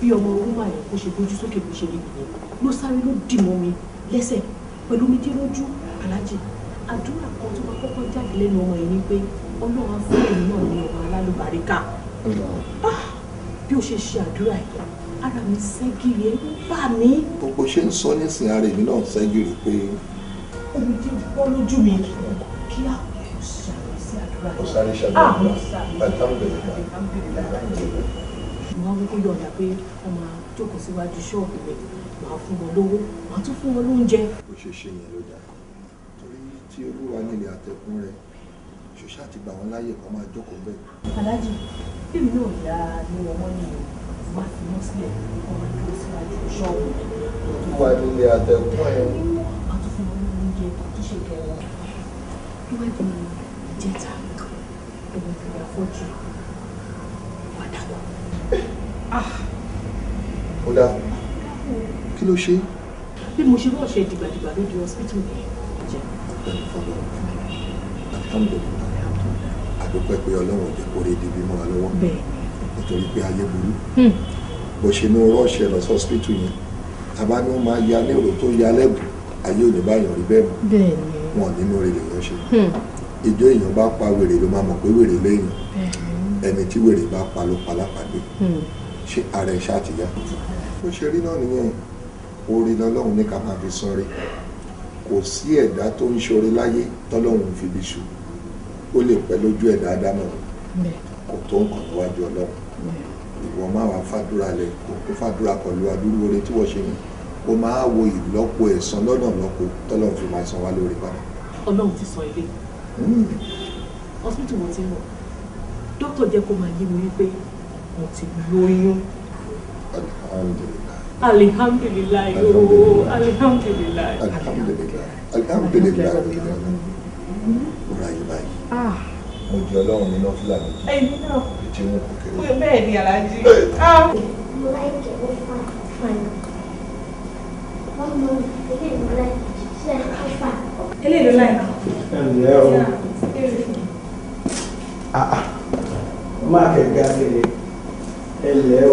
bí ọmọ orúmọ àyẹ̀kó ṣe gbójú sókè bó ṣe rí nìyẹn ló sáré ló dì mọ́ mi lẹ́sẹ̀ pẹ̀lú mi dé lójú aláàjì àdúrà kan tó máa kọ́kọ́ jáde lẹ́nu ọmọ yìí ni pé ọlọ́run fún èmi náà ní ọmọ alálùbáríkà ah! bí ó ṣe ṣe àdúrà yìí ara mi ṣẹ́gìrì ẹ̀rù bà mí. gbogbo ṣe ń sọ nísìnyí ara èmi náà ṣẹ́gìrì pé. omi ti bọ́ lójú mi kí á ṣàlùyẹ sí àdúrà yìí. ó sáré ṣàlùyẹ bàtà ń bẹ̀rẹ̀ bàtà ń bẹ̀rẹ̀ bàtà ń bẹ̀rẹ̀. mo máa ń kó yọ̀ọ̀dà pé ọmọ jókòó síwájú ṣọ́ọ̀bù rẹ̀ máa fún wọn lówó máa tún fún wọn lóúnjẹ. bó ṣe ṣe yẹn ló dáa torí tí olúwa nílé àtẹkùn rẹ ṣòṣà àti gbà wọn láàyè kan máa jókòó bẹ́ẹ̀. aláàjì bíbí náà yá ni ọmọ nìyẹn má fi mọ́ sílẹ̀ kó máa dúró síwájú ṣọ́ọ̀bù. olúwa nílé àtẹkùn ẹ. máa tún fún wọn lóúnjẹ tó ṣe kẹwọn. wíwẹ́ bí ìjẹta òun fi àfọ́jú padà wá. ó dáa kí ló ṣe. bí mo ṣe bọ́ ṣe dìgbàdìgbà lóde hospital yẹn jẹ. pẹ̀lú fọlọ́ alhamdulilayi àdúpẹ́ pé ọlọ́run ò jẹ́ kó rí ibi mọ́ wa lọ́wọ́ nítorí pé ayé burú hmm. bó ṣe ní rọ́ọ̀ṣẹ̀ lọ sí hospital yẹn àbá ni ó máa ya ní èrò tó ya lẹ́bùn ayé ò ní báyọ̀ rí bẹ́ẹ̀ mọ́ wọn nínú rẹ̀ lè ìjọ èèyàn bá pa wèrè ló máa mọ̀ pé wèrè lẹ́yìn ẹni tí wèrè bá pa ló pa lápàdé hmm. ṣé ara ẹ̀ ṣáà ti yá bó ṣe rí náà nìyẹn orin lọ́lọ́run ní ká máa fi sọre kò sí ẹ̀dá tó ń ṣoore láyé tọ́lọ́run fi bí ṣu ó lè pẹ́ lójú ẹ̀dá ádámọ̀ kò tó nǹkan níwájú ọlọ́run ìwọ máa wá fàdúrà lẹ kò tó fàdúrà pẹ̀lú adúrú oore tí wọ́n ṣe yìí ó máa wo ìlọ́po ẹ̀san lọ́nà lọ́po tọ́lọ́run fi máa san wá lórí padà. ọlọ́run ti sọ ilé hmm. hospital mo ti ń bọ̀ dókítà jẹ́ kó máa yí mi wípé mo ti lóyún. Alhamdulillah. Alhamdulillah. Alhamdulillah. Alhamdulillah. Ọ̀rọ̀ ayé báyìí. Ah. Mo jẹ ọlọ́run nínú fúlà mi. Ẹyin náà. Ìjẹ́ wọn kò kéré. Bẹ́ẹ̀ ni Alhaji. Ah. Mo láìkẹ́ ó fà fàyàn. Wọ́n mọ ilé ìwọlẹ̀ ṣe ó fà. Eléyìí ló láìka. Ẹ o. Ah, Máa o.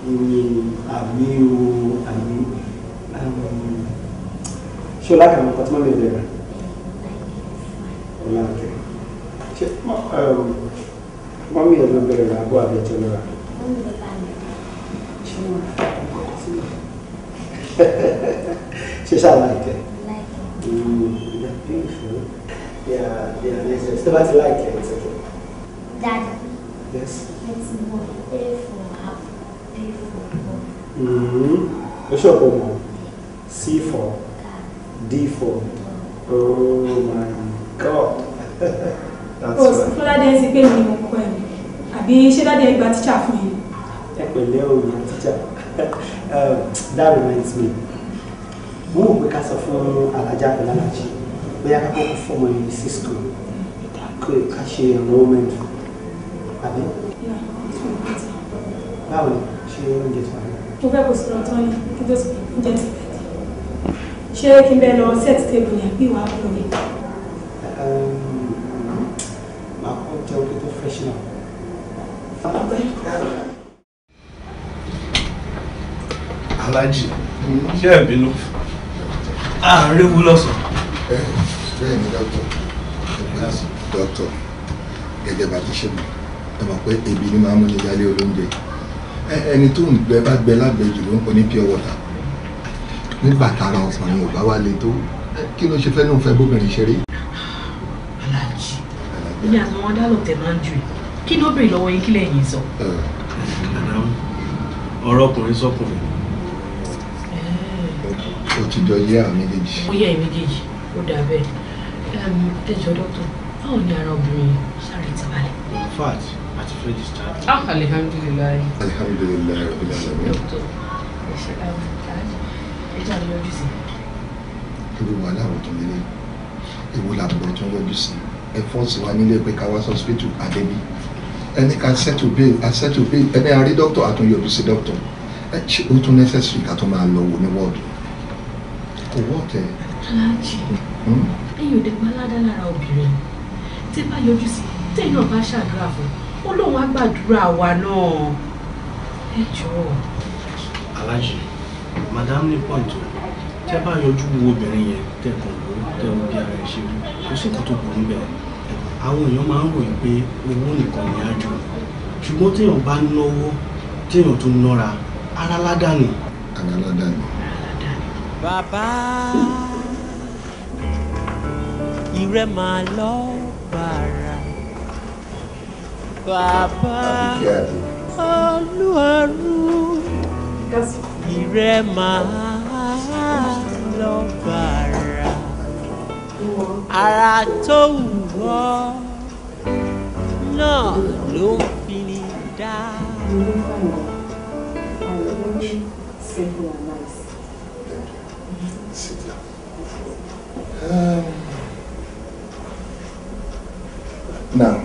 àmì o àmì ṣé o láti àwọn nǹkan tí wọ́n lè bẹ̀rẹ̀ ọ̀la àjọ ṣé mọ́mí ẹ̀ ló bẹ̀rẹ̀ rà àbọ̀ àbẹ̀jọ́ lọ́ra. ṣé ṣáà láìpẹ́. Mm, they're beautiful. Yeah, they are necessary. So that's like it. Dad. Yes. It's beautiful. Hmm. Which one? C4. D4. Oh my God. (laughs) That's oh, right. Fọlá dẹ́n sí pé mi mo kọ́ ẹ̀ àbí ṣé dáadé gba tíṣà fún yín. Ẹ pẹ̀lẹ́ o ìyá tíṣà. (laughs) Um, that reminds me. Mo rò pé ká sọ We are going to form kọ́kọ́ Cisco. yìí sí school. Kò ká ṣe enrollment. Àbí? Báwo ni? ṣe oúnjẹ tó wà ní. mo fẹ́ kó sọ̀rọ̀ tán ni kí tó sì oúnjẹ ti pẹ̀ dé ṣé kí n bẹ lọ set table ni àbí ìwà àbúrò mi. Ehm, màá kọ́ jẹun kí tó fẹ́ ṣe náà. Alájì, ṣé ẹ̀ bínú? Ààrẹ wo lọ́sàn? Bẹ́ẹ̀ ni dọ́kítọ̀, ẹgbẹ́ dọ́kítọ̀, gẹ́gẹ́ bá ti ṣe mọ̀, ẹ mọ̀ pé ebi ni máa mú ní ìyálé olóúnjẹ ẹni tó ń gbẹ bá gbẹ lágbẹjù ló ń pọ ní pure water nígbà tára ọkùnrin ò bá wá le tó kí ló ṣe fẹ́ ló ń fẹ́ bóbìnrin ṣeré. aláàjì ilé àwọn adálọ̀ tẹ̀ máa ń ju kí ló bèrè lọ́wọ́ yín kí lẹ́yìn sọ. ọ̀rọ̀ ọkùnrin sọkùnrin. o ti jọ yé àwọn méjèèjì. ó yẹ méjèèjì ó dà bẹ́ẹ̀ ẹ jọ dókítà báwo ni ara obìnrin sáré ti balẹ̀ láti ah alihamdulilayi. alihamdulilayi ọ̀gbìn àlọ́. dókítà ẹ ṣe ẹ jẹ́ àlọ́ yọjú sí. irú wa láwọn tó lélẹ̀ èwo làbúrò tó yọjú sí ẹ fọ́ọ̀sì wa nílé pé ká wá sọ́sìpítù àdébí ẹni ká sẹ́tù bẹ́ẹ̀ àsẹ́tù bẹ́ẹ̀ ẹni àrí dókítà àtúnyọjú sí dókítà ẹ ṣe ó tún necessary ká tó máa lọ wò ní wọ́ọ̀dù kò wọ́ọ̀tẹ̀. Hmm? bá yọjú sí tẹ̀yìn náà bá ṣàdúrà fún un ó lóun á gbàdúrà wa náà ẹ jọ̀ọ́. aláàjì madam ní pọ́ǹtù tẹ bá yọjú wo obìnrin yẹn tẹkàn ló tẹun bí ara ẹ ṣe wú kò sí nǹkan tó burú bẹ́ẹ̀ àwọn èèyàn máa ń ròyìn pé owó nìkan ni á jù ṣùgbọ́n téèyàn bá náwó téèyàn tún nọ́ra ara ládàáni. ara ládàáni. bàbá ìrẹ́ máa lọ bàrà bàbá olúwarú ìrẹ máa lọ bàrà ara tó wù ọ́ náà ló ń fi ní dá. Um, now,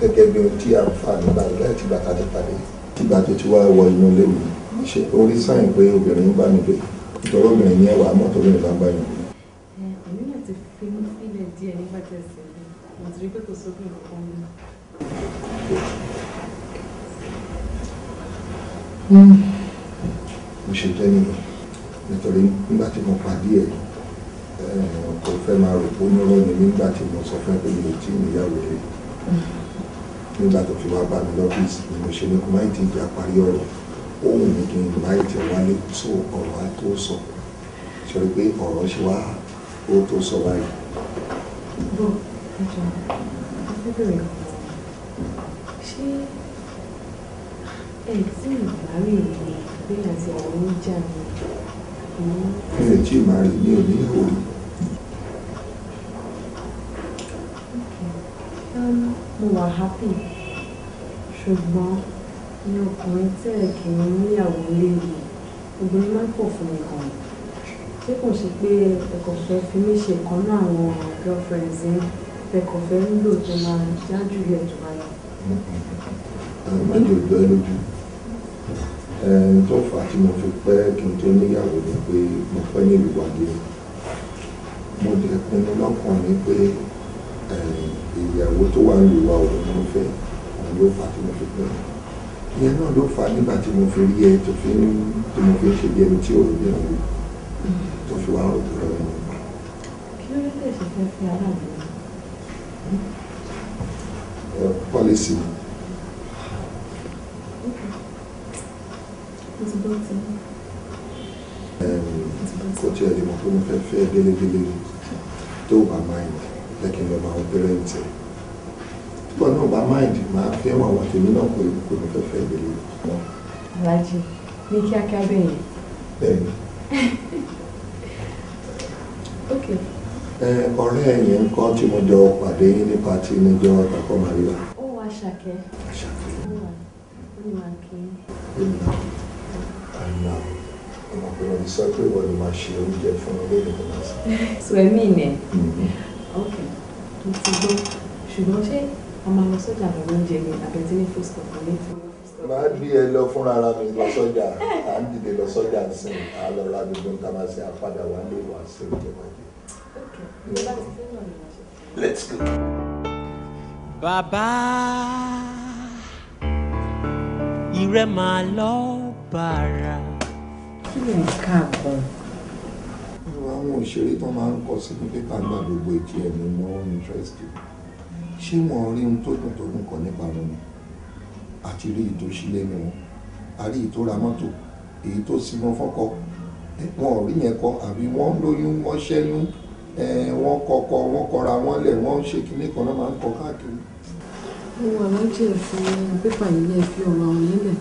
gẹ́gẹ́ bí ohun tí a ń fa nígbà láti bàtà ti pàdé ìgbà tó ti wá wọ inú ilé mi ṣe orí sáyìn pé obìnrin ń bá mi gbé nítorí obìnrin ní ẹwà àmọ́ tó lóyún bá ń bá mi gbé. àmì náà ti fi mú ilẹ̀ díẹ̀ nígbà tí ẹsẹ̀ mi mo ti rí pé kò sóbì nǹkan mi. Hmm. mo ṣe jẹ́ nínú nítorí nígbà tí mo pàdé ẹ̀ kò fẹ́ máa rò pé ó ní rọ́ọ̀nì nígbà tí mo sọ fún pé mi ò tí ì níyàwó rẹ̀ nígbà tó fi wá bá mi lọ́fíìsì ni mo ṣe ní kó má ì tètè àparí ọ̀rọ̀ ohun mi kì í má ì tẹ̀ wálé tó ọ̀rọ̀ á tó sọ sọ pé ọ̀rọ̀ ṣe wá ó tó sọ báyìí. bọ́ ẹ̀jọ̀ afẹ́bẹ̀rẹ̀ ṣé ẹ̀ tí ìbárè ìgbéyàwó ń jà ní. mi ò tí ì má rí mi ò ní ìhòòhò. mo wà happy ṣùgbọ́n ní ọkùnrin tí ẹ̀ kì í níyàwó léwu obìnrin máa ń pọ̀ fún mi gan tí kò ṣe pé ẹ̀kọ́ fẹ́ fi mí ṣe kan náà àwọn girlfriends yẹn ẹ̀kọ́ fẹ́ ń lò tó máa jájú ilẹ̀ tó máa lọ. àgbájọ ìjọ ẹ lójú ẹni tó fà á tí mo fi pẹ́ kí n tó níyàwó ni pé mo fẹ́ ní ìwádìí mo dẹ̀ pinnu lọ́kàn mi pé ìyàwó tó wà lù wá òun ló fẹ́ òun ló fà tí mo fi pẹ́ ìyẹn náà ló fà nígbà tí mo fi rí ẹ tó fi ń tó mo fi ń ṣe bí tí òun ní òun tó fi wá òun lọ rẹ. kí ló dé tẹ̀sí fẹ́ fi aráàlú? pọ́lísì ni. kò tí ẹ lè mọ̀ pé mo fẹ́ fẹ́ délé délé tó wà máa ń lẹ́kìn lọ máa ń bẹ̀rẹ̀ ń tẹ̀. nígbà náà bá máìdì máa fẹ́ wọn àwọn tèmi náà pé kò ní fẹ́ fẹ́ gbélé. aláàjì ní kíákíá bẹ́ẹ̀ yẹn. bẹ́ẹ̀ni. (laughs) ọ̀rẹ́ yẹn ń kọ́ tí mo jọ pàdé ní pati níjọ́ takọ́ màríwá. ó wà ṣàkẹ́. ṣàkẹ́. ó wà ó ní màá kí. ó ní màá kí. àná ọmọkùnrin sọ pé ìwọ ni màá ṣe oúnjẹ fún olóògùn náà. sùwẹ́mì Okay. mo ti gbọ́ ṣùgbọ́n ṣé a máa lọ sọ́jà lọ lóúnjẹ ni àbẹ̀tí ní food stock ní ti máa bí ẹ lọ fúnra ara mi lọ sọ́jà à ń dìde lọ sọ́jà sí i à lọ ra gbogbo nǹkan máa ṣe àpadà wà lè wà sí oúnjẹ máa jẹ. let's go. Bye ìrẹ́ máa lọ bàrà. kí ni nǹkan kan àwọn òṣèré tó máa ń kọ sínú pépà gba gbogbo ètò ẹ̀mí ni wọ́n ń ṣé wọ́n rí ohun tó dùn tó dùn kan nípa wọn àti rí ètò ìṣílẹ̀ ni wọn a rí ètò ra mọ́tò èyí tó sì mọ́ fọ́kọ wọn ò rí yẹn kọ àbí wọ́n lóyún wọ́n ṣẹ́yún wọ́n kọkọ wọ́n kọra wọ́n lẹ̀ wọ́n ṣe kinní kan náà máa ń kọ káàkiri. ohun alájẹ fi pépà yìí lẹ fi ọ̀rọ̀ àwọn yẹn lẹ̀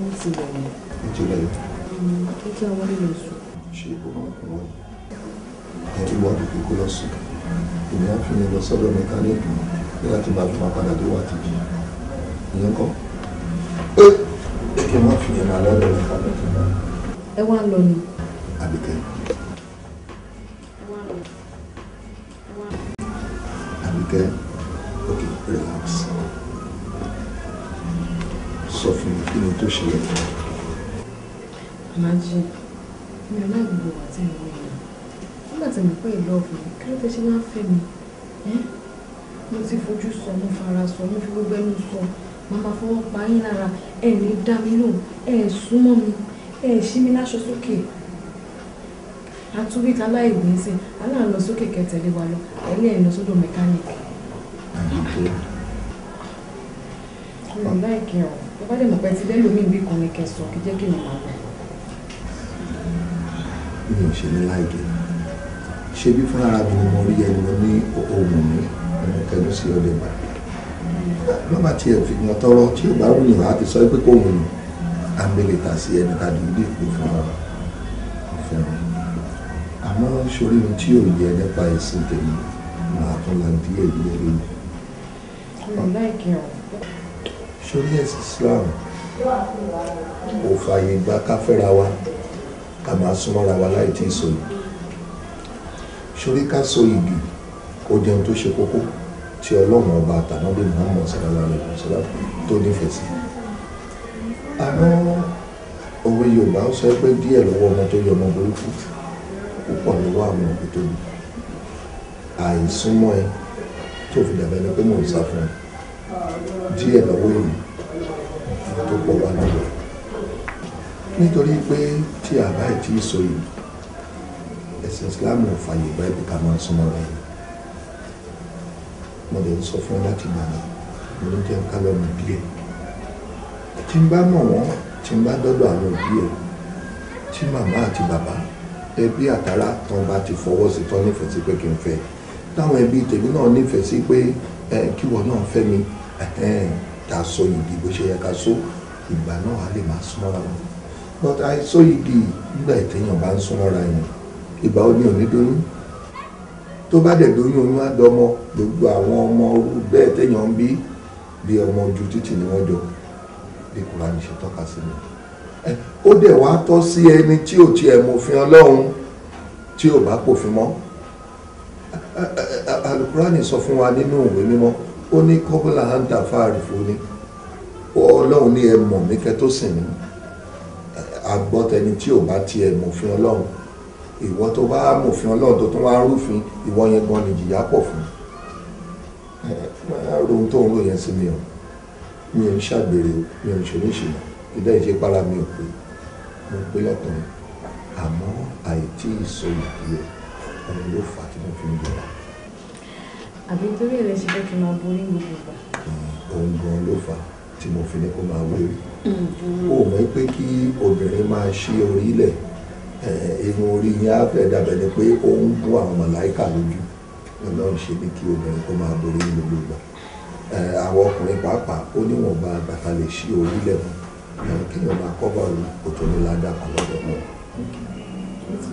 wọ́n ti bẹ̀rẹ̀. ìjìnlẹ̀ yìí. ẹ àwọn ilé sùn ṣe òkùnkùn wọn ẹ̀rí wọ́ọ̀dù kíkó lọ́sùn èmi á fi mi lọ sọ́dọ̀ mẹkáníìkì ní láti máa fi máa padà dé wà tìjì ìyẹn kọ́ pé kí n má fi yẹn máa lọ́dọ̀ mẹkáníìkì náà. ok relax sọ fún mi kí ni tó mi ò láì gbogbo wà tí mo yàn nígbà tí mo pé ìlú ọ̀fìn kí ló fẹ́ ṣe máa ń fẹ́ mi mo ti fojú sọ mo fara sọ mo fi gbogbo ẹnu sọ màmá fọwọ́ pa yín lára ẹ̀ ní dá mi lò ẹ̀ súnmọ́ mi ẹ̀ ṣí mi láṣọ sókè àtúwìtà aláìgbín sí aláàlọ sókè kẹtẹlé wa lọ ẹlẹ́ ẹ̀ lọ sódò mẹkáníìkì. mi ò láìkẹ́ ọ̀ bá dẹ̀ mọ̀ pé ti lẹ́lòmíì bí kan ni kẹsàn-án kí jẹ́ kí n máa lọ mi ò ṣe ní láìdè ṣe bí fún ara mi ni mo rí ẹni mo ní ohun mi ẹni kẹnu sí ọdẹ gbà lọ́ba tí ẹ fi wọn tọrọ tí ò bá wù yàn á ti sọ pé kò wù yàn á ń sí ẹni tàbí ilé ìpè fún ọ fún mi àmọ́ sórí ohun tí ò yẹ nípa ẹ̀sìn tèmi màá tún la díẹ̀ díẹ̀ lónìí. sórí ẹ̀sìn Islam kò fààyè gba káfẹ́ra wa a máa súnmọ́ra wa láì tí ì sòyìn sórí ká so igi ó di ohun tó ṣe kókó tí ọlọ́run ọba àtànábì Muhammad sallallahu alayhi wa sallam tó nífẹ̀ẹ́ sí àmọ́ òwe Yorùbá sọ pé díẹ̀ lọ́wọ́ ọmọ tó yọ ọmọ burúkú púpọ̀ lọ́wọ́ àwọn òbí tó lù àìsúnmọ́ ẹ tó fi dàbẹ́ ni pé mò ń sá fún ẹ díẹ̀ lọ́wọ́ èyí tó pọ̀ wá lọ́wọ́ nítorí pé tí àbá ẹ̀ tí ì sọ yìí ẹ̀sìn Islam ò fàyè gba ẹ̀bí ká máa súnmọ́ ra yìí mo lè sọ fún láti gbà mí mo ló jẹ́ ká lọ́ọ́ mi bí ẹ̀ tí n bá mọ̀ wọ́n tí n bá dọ́dọ̀ àwọn òbí ẹ̀ tí màmá àti bàbá ẹbí àtàrà tán bá ti fọwọ́ sí tán nífẹ̀ẹ́ sí pé kí n fẹ́ táwọn ẹbí tèmi náà nífẹ̀ẹ́ sí pé kí wọ́n náà fẹ́ mi ká sọ ìdí bó ṣe yẹ ká sọ ìgbà náà a lè máa súnmọ́ra wọn but I yìí di nígbà ìtẹ̀yàn bá ń súnmọ́ra yẹn ìgbà ó ní onídóyún tó bá dẹ̀ dóyún oyún àdọ́mọ gbogbo àwọn ọmọ bẹ́ẹ̀ tẹ̀yàn ń bí bí ọmọ ojú títì ni wọ́n jọ bí kùránì ṣe tọ́ka sí mi ó dẹ̀ wá tọ́ sí ẹni tí ò tiẹ̀ mòfin ọlọ́run tí ò bá pòfin mọ́ alukurani sọ fún wa nínú òwe mímọ́ ó ní kọ́bùlà hanta fáàrí fún ni ọlọ́run ní ẹ mọ̀ mí kẹ́ tó sìn mí agbọ́tẹni tí ò bá tiẹ̀ mòfin ọlọ́run ìwọ tó bá mòfin ọlọ́run tó tún wá rúfin ìwọ yẹn gan ni jìyà pọ̀ fún rohun tó ń rò yẹn sí mi o mi ò ń ṣàgbèrè o mi ò ń ṣoníṣìnà ìdá ìṣe para mi ò pé mo pé lọ́kùnrin àmọ́ àìtí ìsọyìí ẹ̀ òun ló fà á tí mo fi ń gbéra. àbí torí ẹ̀rẹ́ ṣe fẹ́ kí n máa borí gbogbo ìgbà. òun gan ló fà á tí mo fi ní kó máa wérí o mọ̀ pé kí obìnrin máa ṣí orílẹ̀ irun orí yẹn á fẹ́ dàbẹ̀ ni pé ó ń bú àwọn màláìkà lójú ọlọ́run ṣe ní kí obìnrin kó máa borí ní gbogbo ìgbà àwọn ọkùnrin pàápàá ó níwọ̀nba bàtà lè ṣí orílẹ̀ wọn àwọn kéèyàn máa kọ́bà òru kò tó ní ládàá kan lọ́dọ̀ wọn.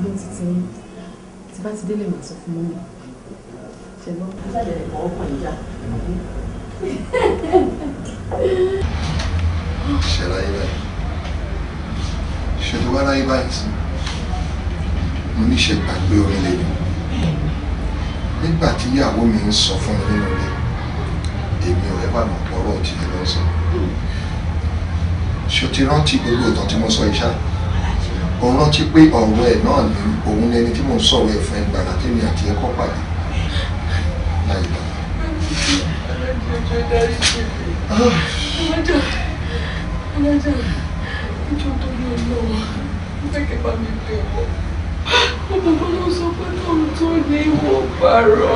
mo ti ṣàlẹ̀ ẹ̀kọ́ ọkàn ìjà vai. ṣẹlá yìí báyìí ṣètò e yìí báyìí sí mo ní ṣe gbàgbé orin lẹ́nu nígbà tí ìyàwó mi ń sọ fún mi nínú ilé èmi ò ẹ̀bà mọ̀ pọ̀rọ̀ tí ẹ lọ sọ não ti rántí gbogbo ìtàn tí mo sọ yìí ṣá ó rántí pé ọ̀rọ̀ ẹ̀ náà ni òun ẹni tí mo ń sọ̀rọ̀ ẹ̀ fún ẹgbàrá tèmi àti ẹ̀kọ́ pàdé láì lọ alájà ìjọ tó ní olówó fẹ́kẹ̀ bá mi bẹ̀ wọ́ ọmọ bá ló sọ pé tóun tó ní ìwọ pààrọ̀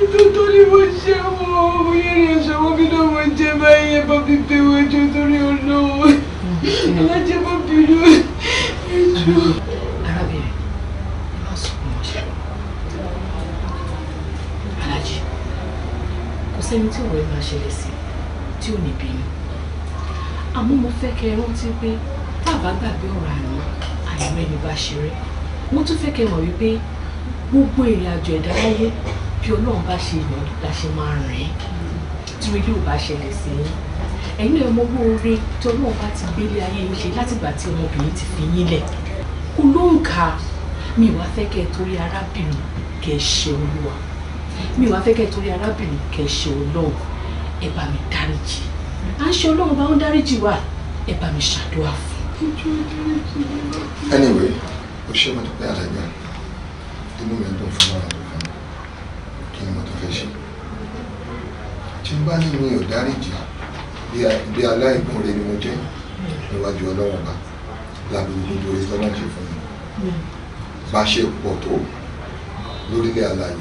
ìjọ tó ní mo ṣe wọ ọmọ yẹn ní ọṣọ wọn bí náà mo jẹ báyìí ẹ bá mi bẹ̀ wọ ìjọ tó ní olówó alájà bá bínú ìjọ. arábìnrin ẹ sẹ́ni tí òwe máa ṣẹlẹ̀ sí tí ò ní bínú àmọ́ mo fẹ́ kẹ́ ẹ rántí pé tá a bá gbàgbé ọ̀rọ̀ àná àìmọ́ ẹni bá ṣeré mo tún fẹ́ kẹ́ ẹ mọ̀ wípé gbogbo ìrìn àjò ẹ̀dá láyé bí ọlọ́run bá ṣe yàn la ṣe máa rìn tí ilé ò bá ṣẹlẹ̀ sí yín ẹ̀yin náà mọ́wọ́ oore tí ọlọ́run bá ti gbélé ayé yín ṣe látìgbà tí ọmọbìnrin ti fi yín lẹ̀ kò lóǹkà mi wàá fẹ́ kẹ́ ẹ torí arábìnrin kẹ́ ṣe olúwa mi wàá fẹ́ kẹ́ torí arábìnrin kẹ́ ṣe ọlọ́run ẹ bá mi dáríjì à ń ṣe ọlọ́run bá ń dáríjì wá ẹ bá mi ṣàdúrà fún. anyway o ṣe mo dúpẹ́ àtàgbà inú mi dùn fún ọ̀rọ̀ tó fún mi kí ni mo tó fẹ́ ṣe tí n bá ní mi ò dáríjì bí aláìkún rẹ ni mo jẹ́ níwájú ọlọ́run bá lábẹ́ gbogbo orí tọ́lá ṣe fún mi bá ṣe pọ̀ tó lórílẹ̀ àlàyé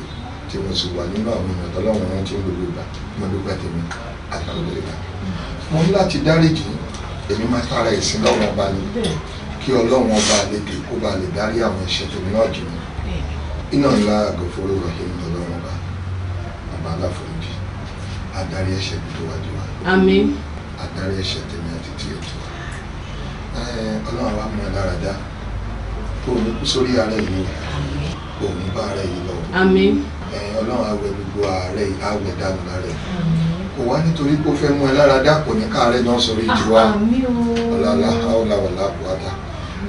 tí mo sì wà nínú àwọn èèyàn tọ́lọ́run rántí gbogbo ìgbà mo dúpẹ́ tèmi alhamdulillah mo ní láti dáríjì èmi máa tara ẹ̀sìn lọ́wọ́ ọba ni kí ọlọ́run ọba lè dé kó ba lè dárí àwọn ẹ̀ṣẹ̀ tèmi náà jù mí iná ńlá àgọ́fóró rahim lọ́lọ́run ọba ọba aláforíjì adarí ẹ̀ṣẹ̀ mi tó wájú wa àmín adarí ẹ̀ṣẹ̀ tèmi àti tiẹ̀ tó wa ọlọ́run àwa mọ̀ lára dá kó o ní kú sórí ara yìí kó o ní bá ara yìí lọ àmín ọlọ́run àwẹ̀ gbogbo ààrẹ àwẹ̀ dànù lára yìí kò wá nítorí pé ó fẹ́ mú ẹ lára dá kò ní káàárẹ̀ náà sọ̀rọ̀ ìjìwá ọ̀làlá àwọlà wàlà buhata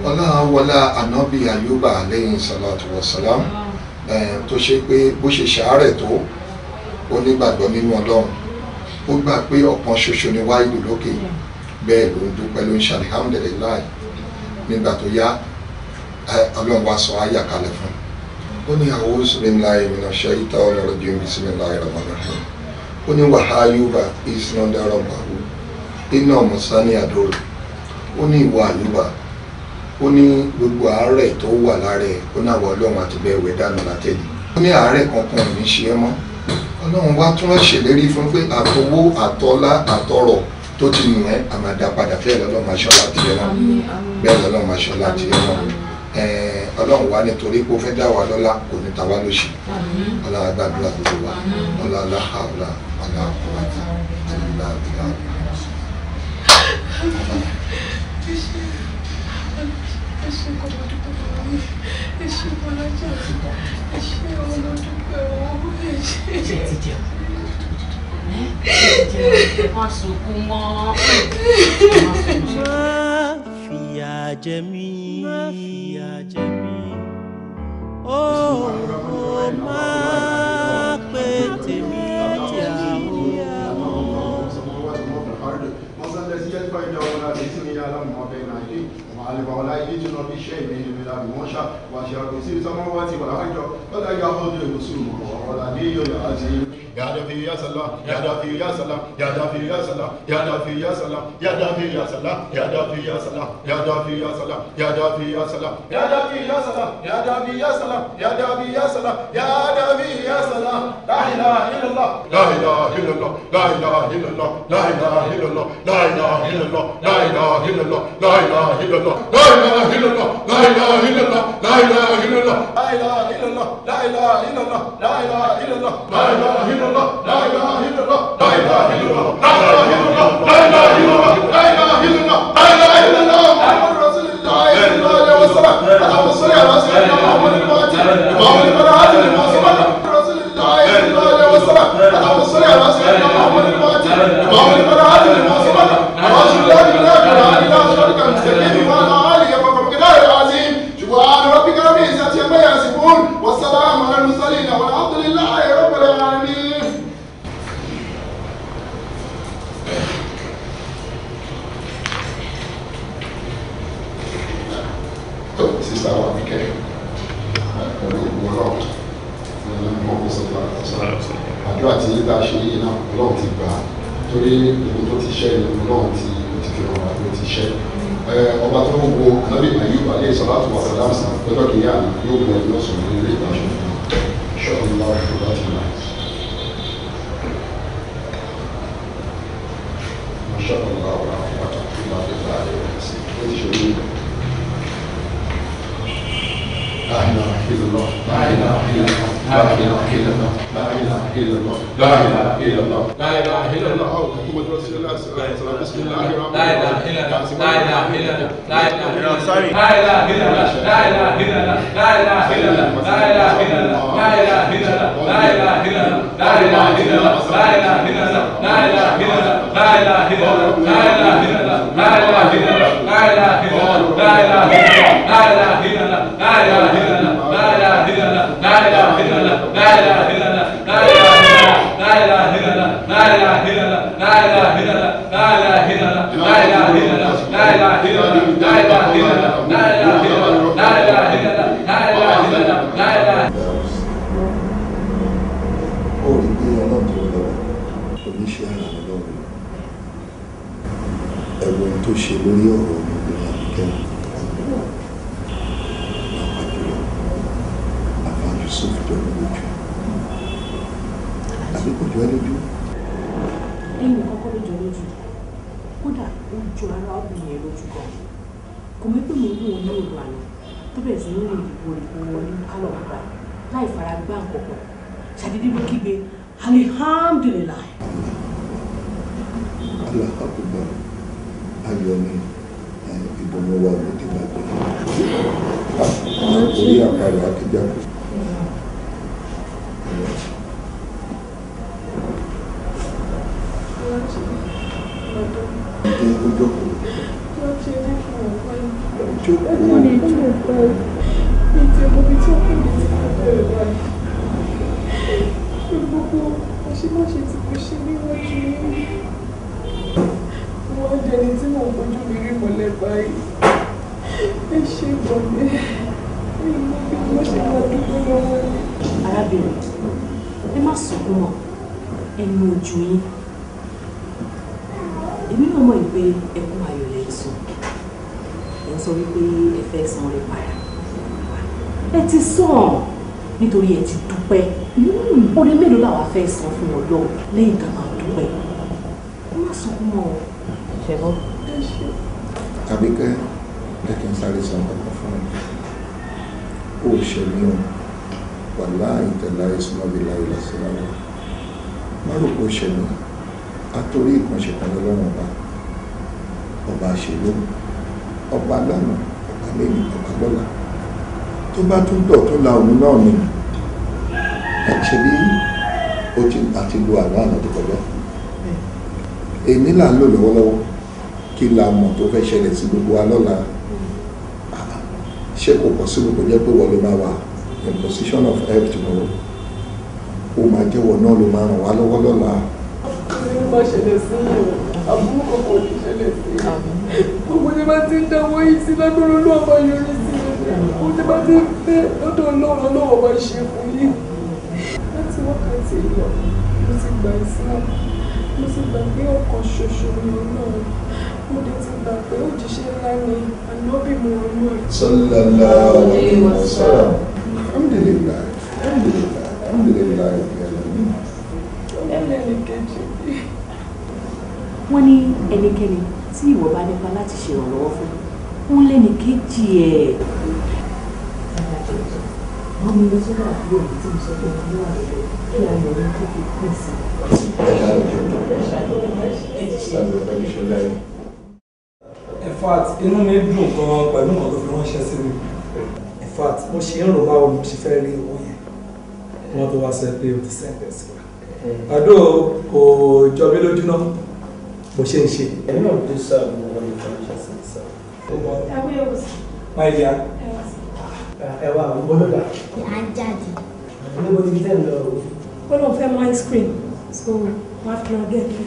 ọ̀là àwọlà ànábì àyùbá lẹ́yìn sàlátù wàsálàm tó ṣe pé bó ṣe ṣàárẹ̀ tó ó nígbàgbọ́ nínú ọlọ́run ó gbà pé ọ̀kan ṣoṣo ni wáyé lókè hmm. bẹ́ẹ̀ ló ń dúpẹ́ ló ń ṣàlìhàmdẹ̀lẹ́láì nígbà tó yá ọlọ́run wá sọ ayà kalẹ̀ fún un ó ní àwọn oṣù mi ńlá ẹ̀mí náà ṣe ìta ọ̀nà bí omi sí mi ńlá ẹ̀rọ mọ́nà fún ó ní wàháyúbà isná dárọ̀bà iná musa ní àdóòrè ó ní ìwà àyúbà ó ní gbogbo àárẹ̀ tó wà lára ẹ̀ ó náà wọ ọlọ́run àti bẹ́ẹ̀ wẹ̀ dànù látẹ̀lé ó ní àárẹ̀ kankan ò ní ṣe é mọ́ ọlọ́run wá tún lọ ṣèlérí fún pé àtọwó àtọlá àtọrọ̀ tó ti nù ẹ́ àmàdá padà bẹ́ẹ̀ lọ́lọ́run aṣọ láti ẹ̀ náà bẹ́ẹ̀ lọ́lọ́run aṣọ láti ẹ̀ náà ọlọ́run wá nítorí pé ó fẹ́ dá wa lọ́lá kò tàwa ló ṣe ọlá agbádùn àgbègbè wa ọlá aláhàlà ọlá àkùnrin àti ìlà ìlà má fìyà jẹ mí má fìyà jẹ ó máa pé tèmi ti àwọn. الولاء يجن بشيء من بلاد موشا وشاكسي سماواتي ولا حجر ولا يأخذ المسلم ولا دين العزيز ya dafi ya salam ya dafi ya salam ya dafi ya salam ya dafi ya salam ya dafi ya salam ya dafi ya salam ya dafi ya salam ya dafi ya salam ya dafi ya salam ya dafi ya salam ya dafi ya salam ya dafi ya salam la ilaha illallah la ilaha illallah la ilaha illallah la ilaha illallah la ilaha illallah la ilaha illallah la ilaha illallah la ilaha illallah la ilaha illallah la ilaha illallah la ilaha illallah la ilaha illallah la ilaha illallah la ilaha illallah illallah la ilaha illallah la ilaha illallah la ilaha illallah la ilaha illallah la ilaha illallah la ilaha illallah muhammadu rasulillah sallallahu alaihi wasallam allahumma salli ala sayyidina muhammadin al-fatih muhammadin al-fatih lima sabata rasulillah sallallahu alaihi wasallam allahumma salli ala sayyidina muhammadin al-fatih muhammadin al-fatih lima sabata رسول الله بلا إله إلا أنت أستغفرك àdúrà tí yín bá ṣe yìí náà ọlọ́run ti gbà á torí èmi tó ti ṣẹ́ ni ọlọ́run ti ti fi hàn àbí ti ṣẹ́ ọba tó ń wo nàbí àyùbá lè sọ láti wà sàdá sí lọ́jọ́ kìíyà yóò wọ ẹni lọ́sùn ní ilé ìbáṣọ ṣọ́ọ̀lá ọ̀ṣọ́lá ti rà. ṣọ́ọ̀lá ọ̀rọ̀ àwọn ọ̀rọ̀ tó bá dé bá dé rẹ̀ sí لا اله الا الله لا اله الا الله لا اله الا الله لا اله الا الله محمد رسول الله صلى الله عليه وسلم بسم الله الرحمن الرحيم لا اله الا الله لا اله الا الله لا اله الا الله لا اله الا الله لا اله الا الله لا اله الا الله لا اله الا الله لا اله الا الله لا اله الا الله لا اله الا الله لا اله الا الله لا اله الا الله لا اله الا الله لا اله الا الله لا اله الا الله لا اله الا الله لا اله الا الله لا اله الا الله fẹ́ sọ fún ọlọ́run lẹ́yìn tá a máa dúpẹ́ ó má sọ fún ọ. ṣẹbọ. tàbí kẹ́ jẹ́ kí n sáré sọ nǹkan fún ẹ ó ṣe mí o wàhálà ìtẹ̀lá ìsúnmọ́bí láyé lọ́sọ̀rọ̀ má rò pé ó ṣe mí àtòrí ìkànṣe kan lọ́wọ́ ọba ọba àṣèlú ọba lánàá ọba lẹ́yìn ọba lọ́la tó bá tún dọ̀ tó la òun náà nínú ẹ̀ṣẹ̀ bíi ó ti àti lo àlọ́ àná tó kọjá èmi là ń lò lọ́wọ́lọ́wọ́ kí la mọ̀ tó fẹ́ ṣẹlẹ̀ sí gbogbo wa lọ́la hmm. ah, ṣé kò pọ̀ sí gbogbo jẹ́ pé wọ́n ló máa wà in position of help tomorrow ó máa jẹ́wọ́ náà ló máa ràn wá lọ́wọ́ lọ́la. nípa ṣẹlẹ̀ sí àbúrò kọ̀ọ̀kan ní ṣẹlẹ̀ sí gbogbo ní bá ti ń dáwọ́ yìí sí lágbóró ló ọmọ yorùbá sí i ó bá ti ń fẹ́ lọ́dọ̀ ọlọ́run ọlọ́run ọmọ ìṣègùn yìí ti lọ mo ti gba islam mo ti gbà pé ọ̀kan ṣoṣo ni ọlọ́run mo dé ti gbà pé òjíṣẹ́ ńlá ni ànábì mo ọmọ ẹ̀. sallallahu alaihi wasallam. alhamdulillah alhamdulillah alhamdulillah ẹlẹ́nìkejì. wọ́n ní ẹnikẹ́ni tí ìwọ bá nípa láti ṣèrànlọ́wọ́ fún un lẹ́nìkejì ẹ̀ àwọn ilé eu não me èyí tí mo sọ pé wọn wà lọ kí a lè rí tó fi pín sí. in fact o senhor dùn gan pẹ̀lú nǹkan tó fi ránṣẹ́ sí mi in fact mo ṣe ń rò báwo mo ṣe fẹ́ rí o ti sẹ́ńtẹ̀ sí wa àdó kò jọ mí lójú náà bó ṣe ń ṣe. ẹ̀mí ò dé sáà mo wọlé fún ránṣẹ́ sí mi sáà. my ẹ wá àwọn gbọ́dọ̀dà. à ń jáde. níbo ni tẹ́ ń lọ ice cream so wọ́n á fi get. gẹ̀ẹ́gẹ́.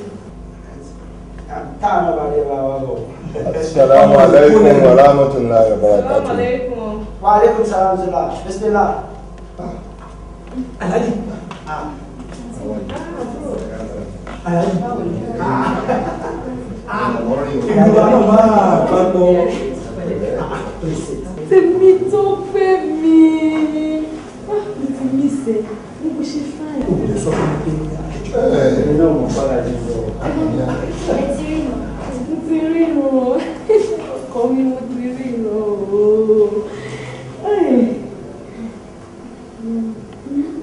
tá a máa wa bọ̀. Assalamu alaikum wa rahmatullahi wa barakatuh. Wa alaikum salam zula. Bismillah. Alhaji. Alhaji. Ìlú àwọn máa bá lọ. Pèsè tèmi tó fẹ́ mi ah, mi ti mí sẹ mo kò ṣe fáìn. o lè sọ fún mi pé ẹni náà mo bá ra jẹun lọ. ẹ ti rí nù. mo ti rí nù ọkọ mi mo ti rí nù ooo.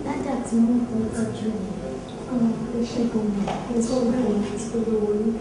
dájà tí mo kọ́ tọ́jú mi ẹ ṣe gan-an ẹ sọ bẹ́ẹ̀ ni ẹ ti tó lówó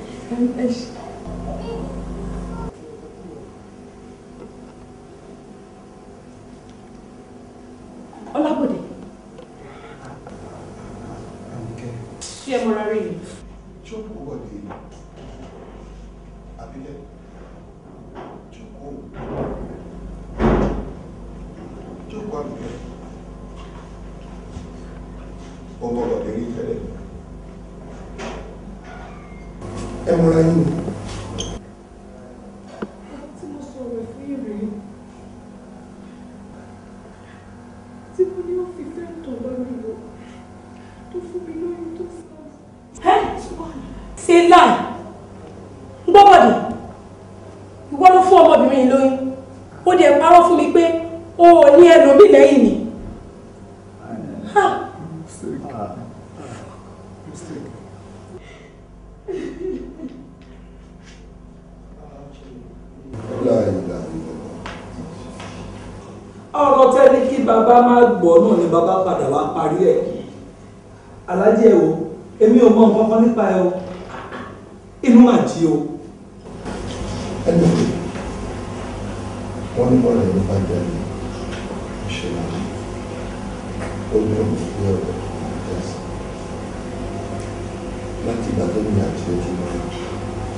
láti ìgbà tó ní àti ojú wa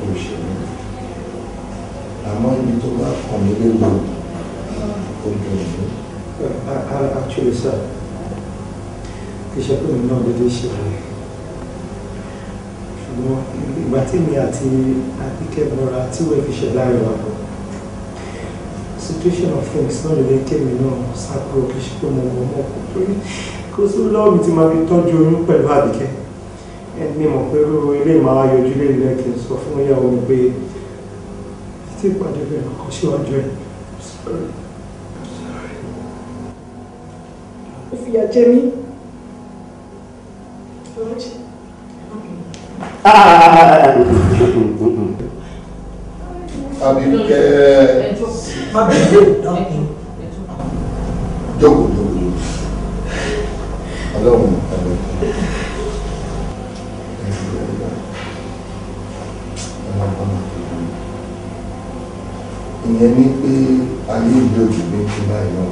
tó ṣe mí àmọ́ ibi tó bá kàn mí léwu ojú mi. actually sir ìṣẹ́pẹ́ mi náà dédé ṣe rẹ̀ ṣùgbọ́n ìgbà tí mi àti akíkẹ́ mọ́ra tí wọ́n fi ṣẹ̀dá rẹ̀ wà pọ̀ complication of things náà lè jẹ́ kémi náà ṣàkóso kì í ṣe pé mo mọ̀ mọ́ kó torí kó sí lọ́wọ́ mi ti máa fi tọ́jú oyún pẹ̀lú àbíkẹ́ ẹni mọ̀ pé rúru ilé ìmáa yọjú lé ilé kì í sọ fún ìyàwó mi pé títí ìpàdé bẹ̀rẹ̀ kọ́kọ́ síwájú ẹ̀ ó fìyà jẹ mí. Àbíkẹ́ má bẹ̀rẹ̀ jókòó jókòó ọlọ́run ọ̀rọ̀ ìyẹn ní pé ayé ìlú òjò méjì báyìí náà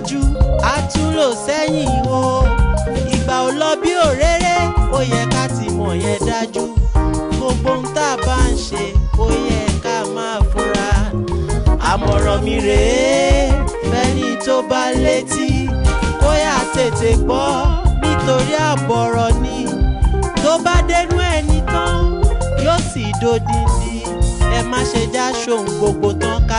yanjú àtúrò sẹ́yìn o ìgbà ò lọ bí òréré ó yẹ ká ti mọ̀ yẹn dájú gbogbo ohun tá a bá ń ṣe ó yẹ ká máa fura àmọ̀ràn mi rèé fẹ́ni tó bá létí kó yà tètè gbọ́ nítorí àbọ̀rọ̀ ni tó bá dénú ẹni tán yóò sì dodindi ẹ má ṣe já ṣohun gbogbo tán ká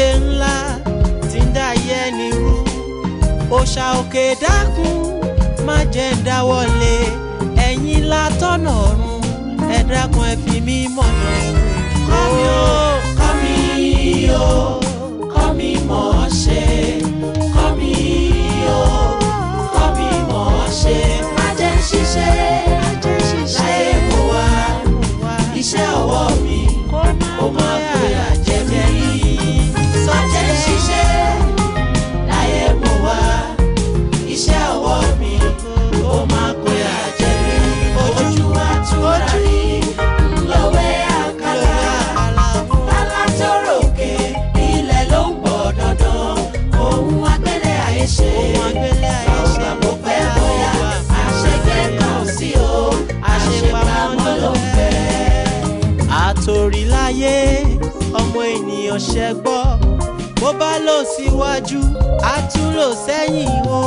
ṣe ńlá tí ń dá ayé ẹni rú òòṣà òkè dákun má jẹ́ dáwọ́lé ẹ̀yin látọ̀nà ọ̀run ẹ dákun fi mí mọ̀nà kọ́mi o kọ́mi o kọ́mi mọ̀ ṣe kọ́mi o kọ́mi mọ̀ ṣe má jẹ́ ṣiṣẹ́. sórí láyé ọmọ ènìyàn ṣẹgbọ́ bó bá lọ síwájú á tún lọ sẹ́yìn o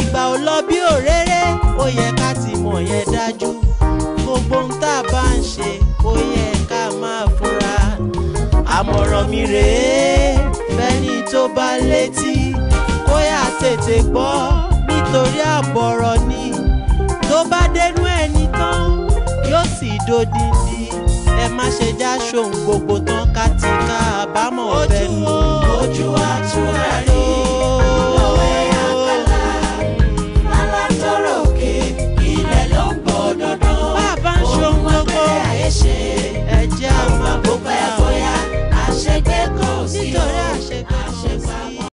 ìgbà ò lọ bí òréré ó yẹ ká ti mọ̀ yẹn dájú gbogbo ń tá a bá ń ṣe ó yẹ ká máa fura àmọ̀ràn mi rèé fẹ́ni tó bá létí kó yà tètè gbọ́ nítorí àbọ̀rọ̀ ni tó bá dénú ẹni tán yóò sì dodindi ẹ má ṣe já ṣohun gbogbo tán ká ti ká àbámọ̀ bẹ́ẹ̀ ni ojú àtúntò.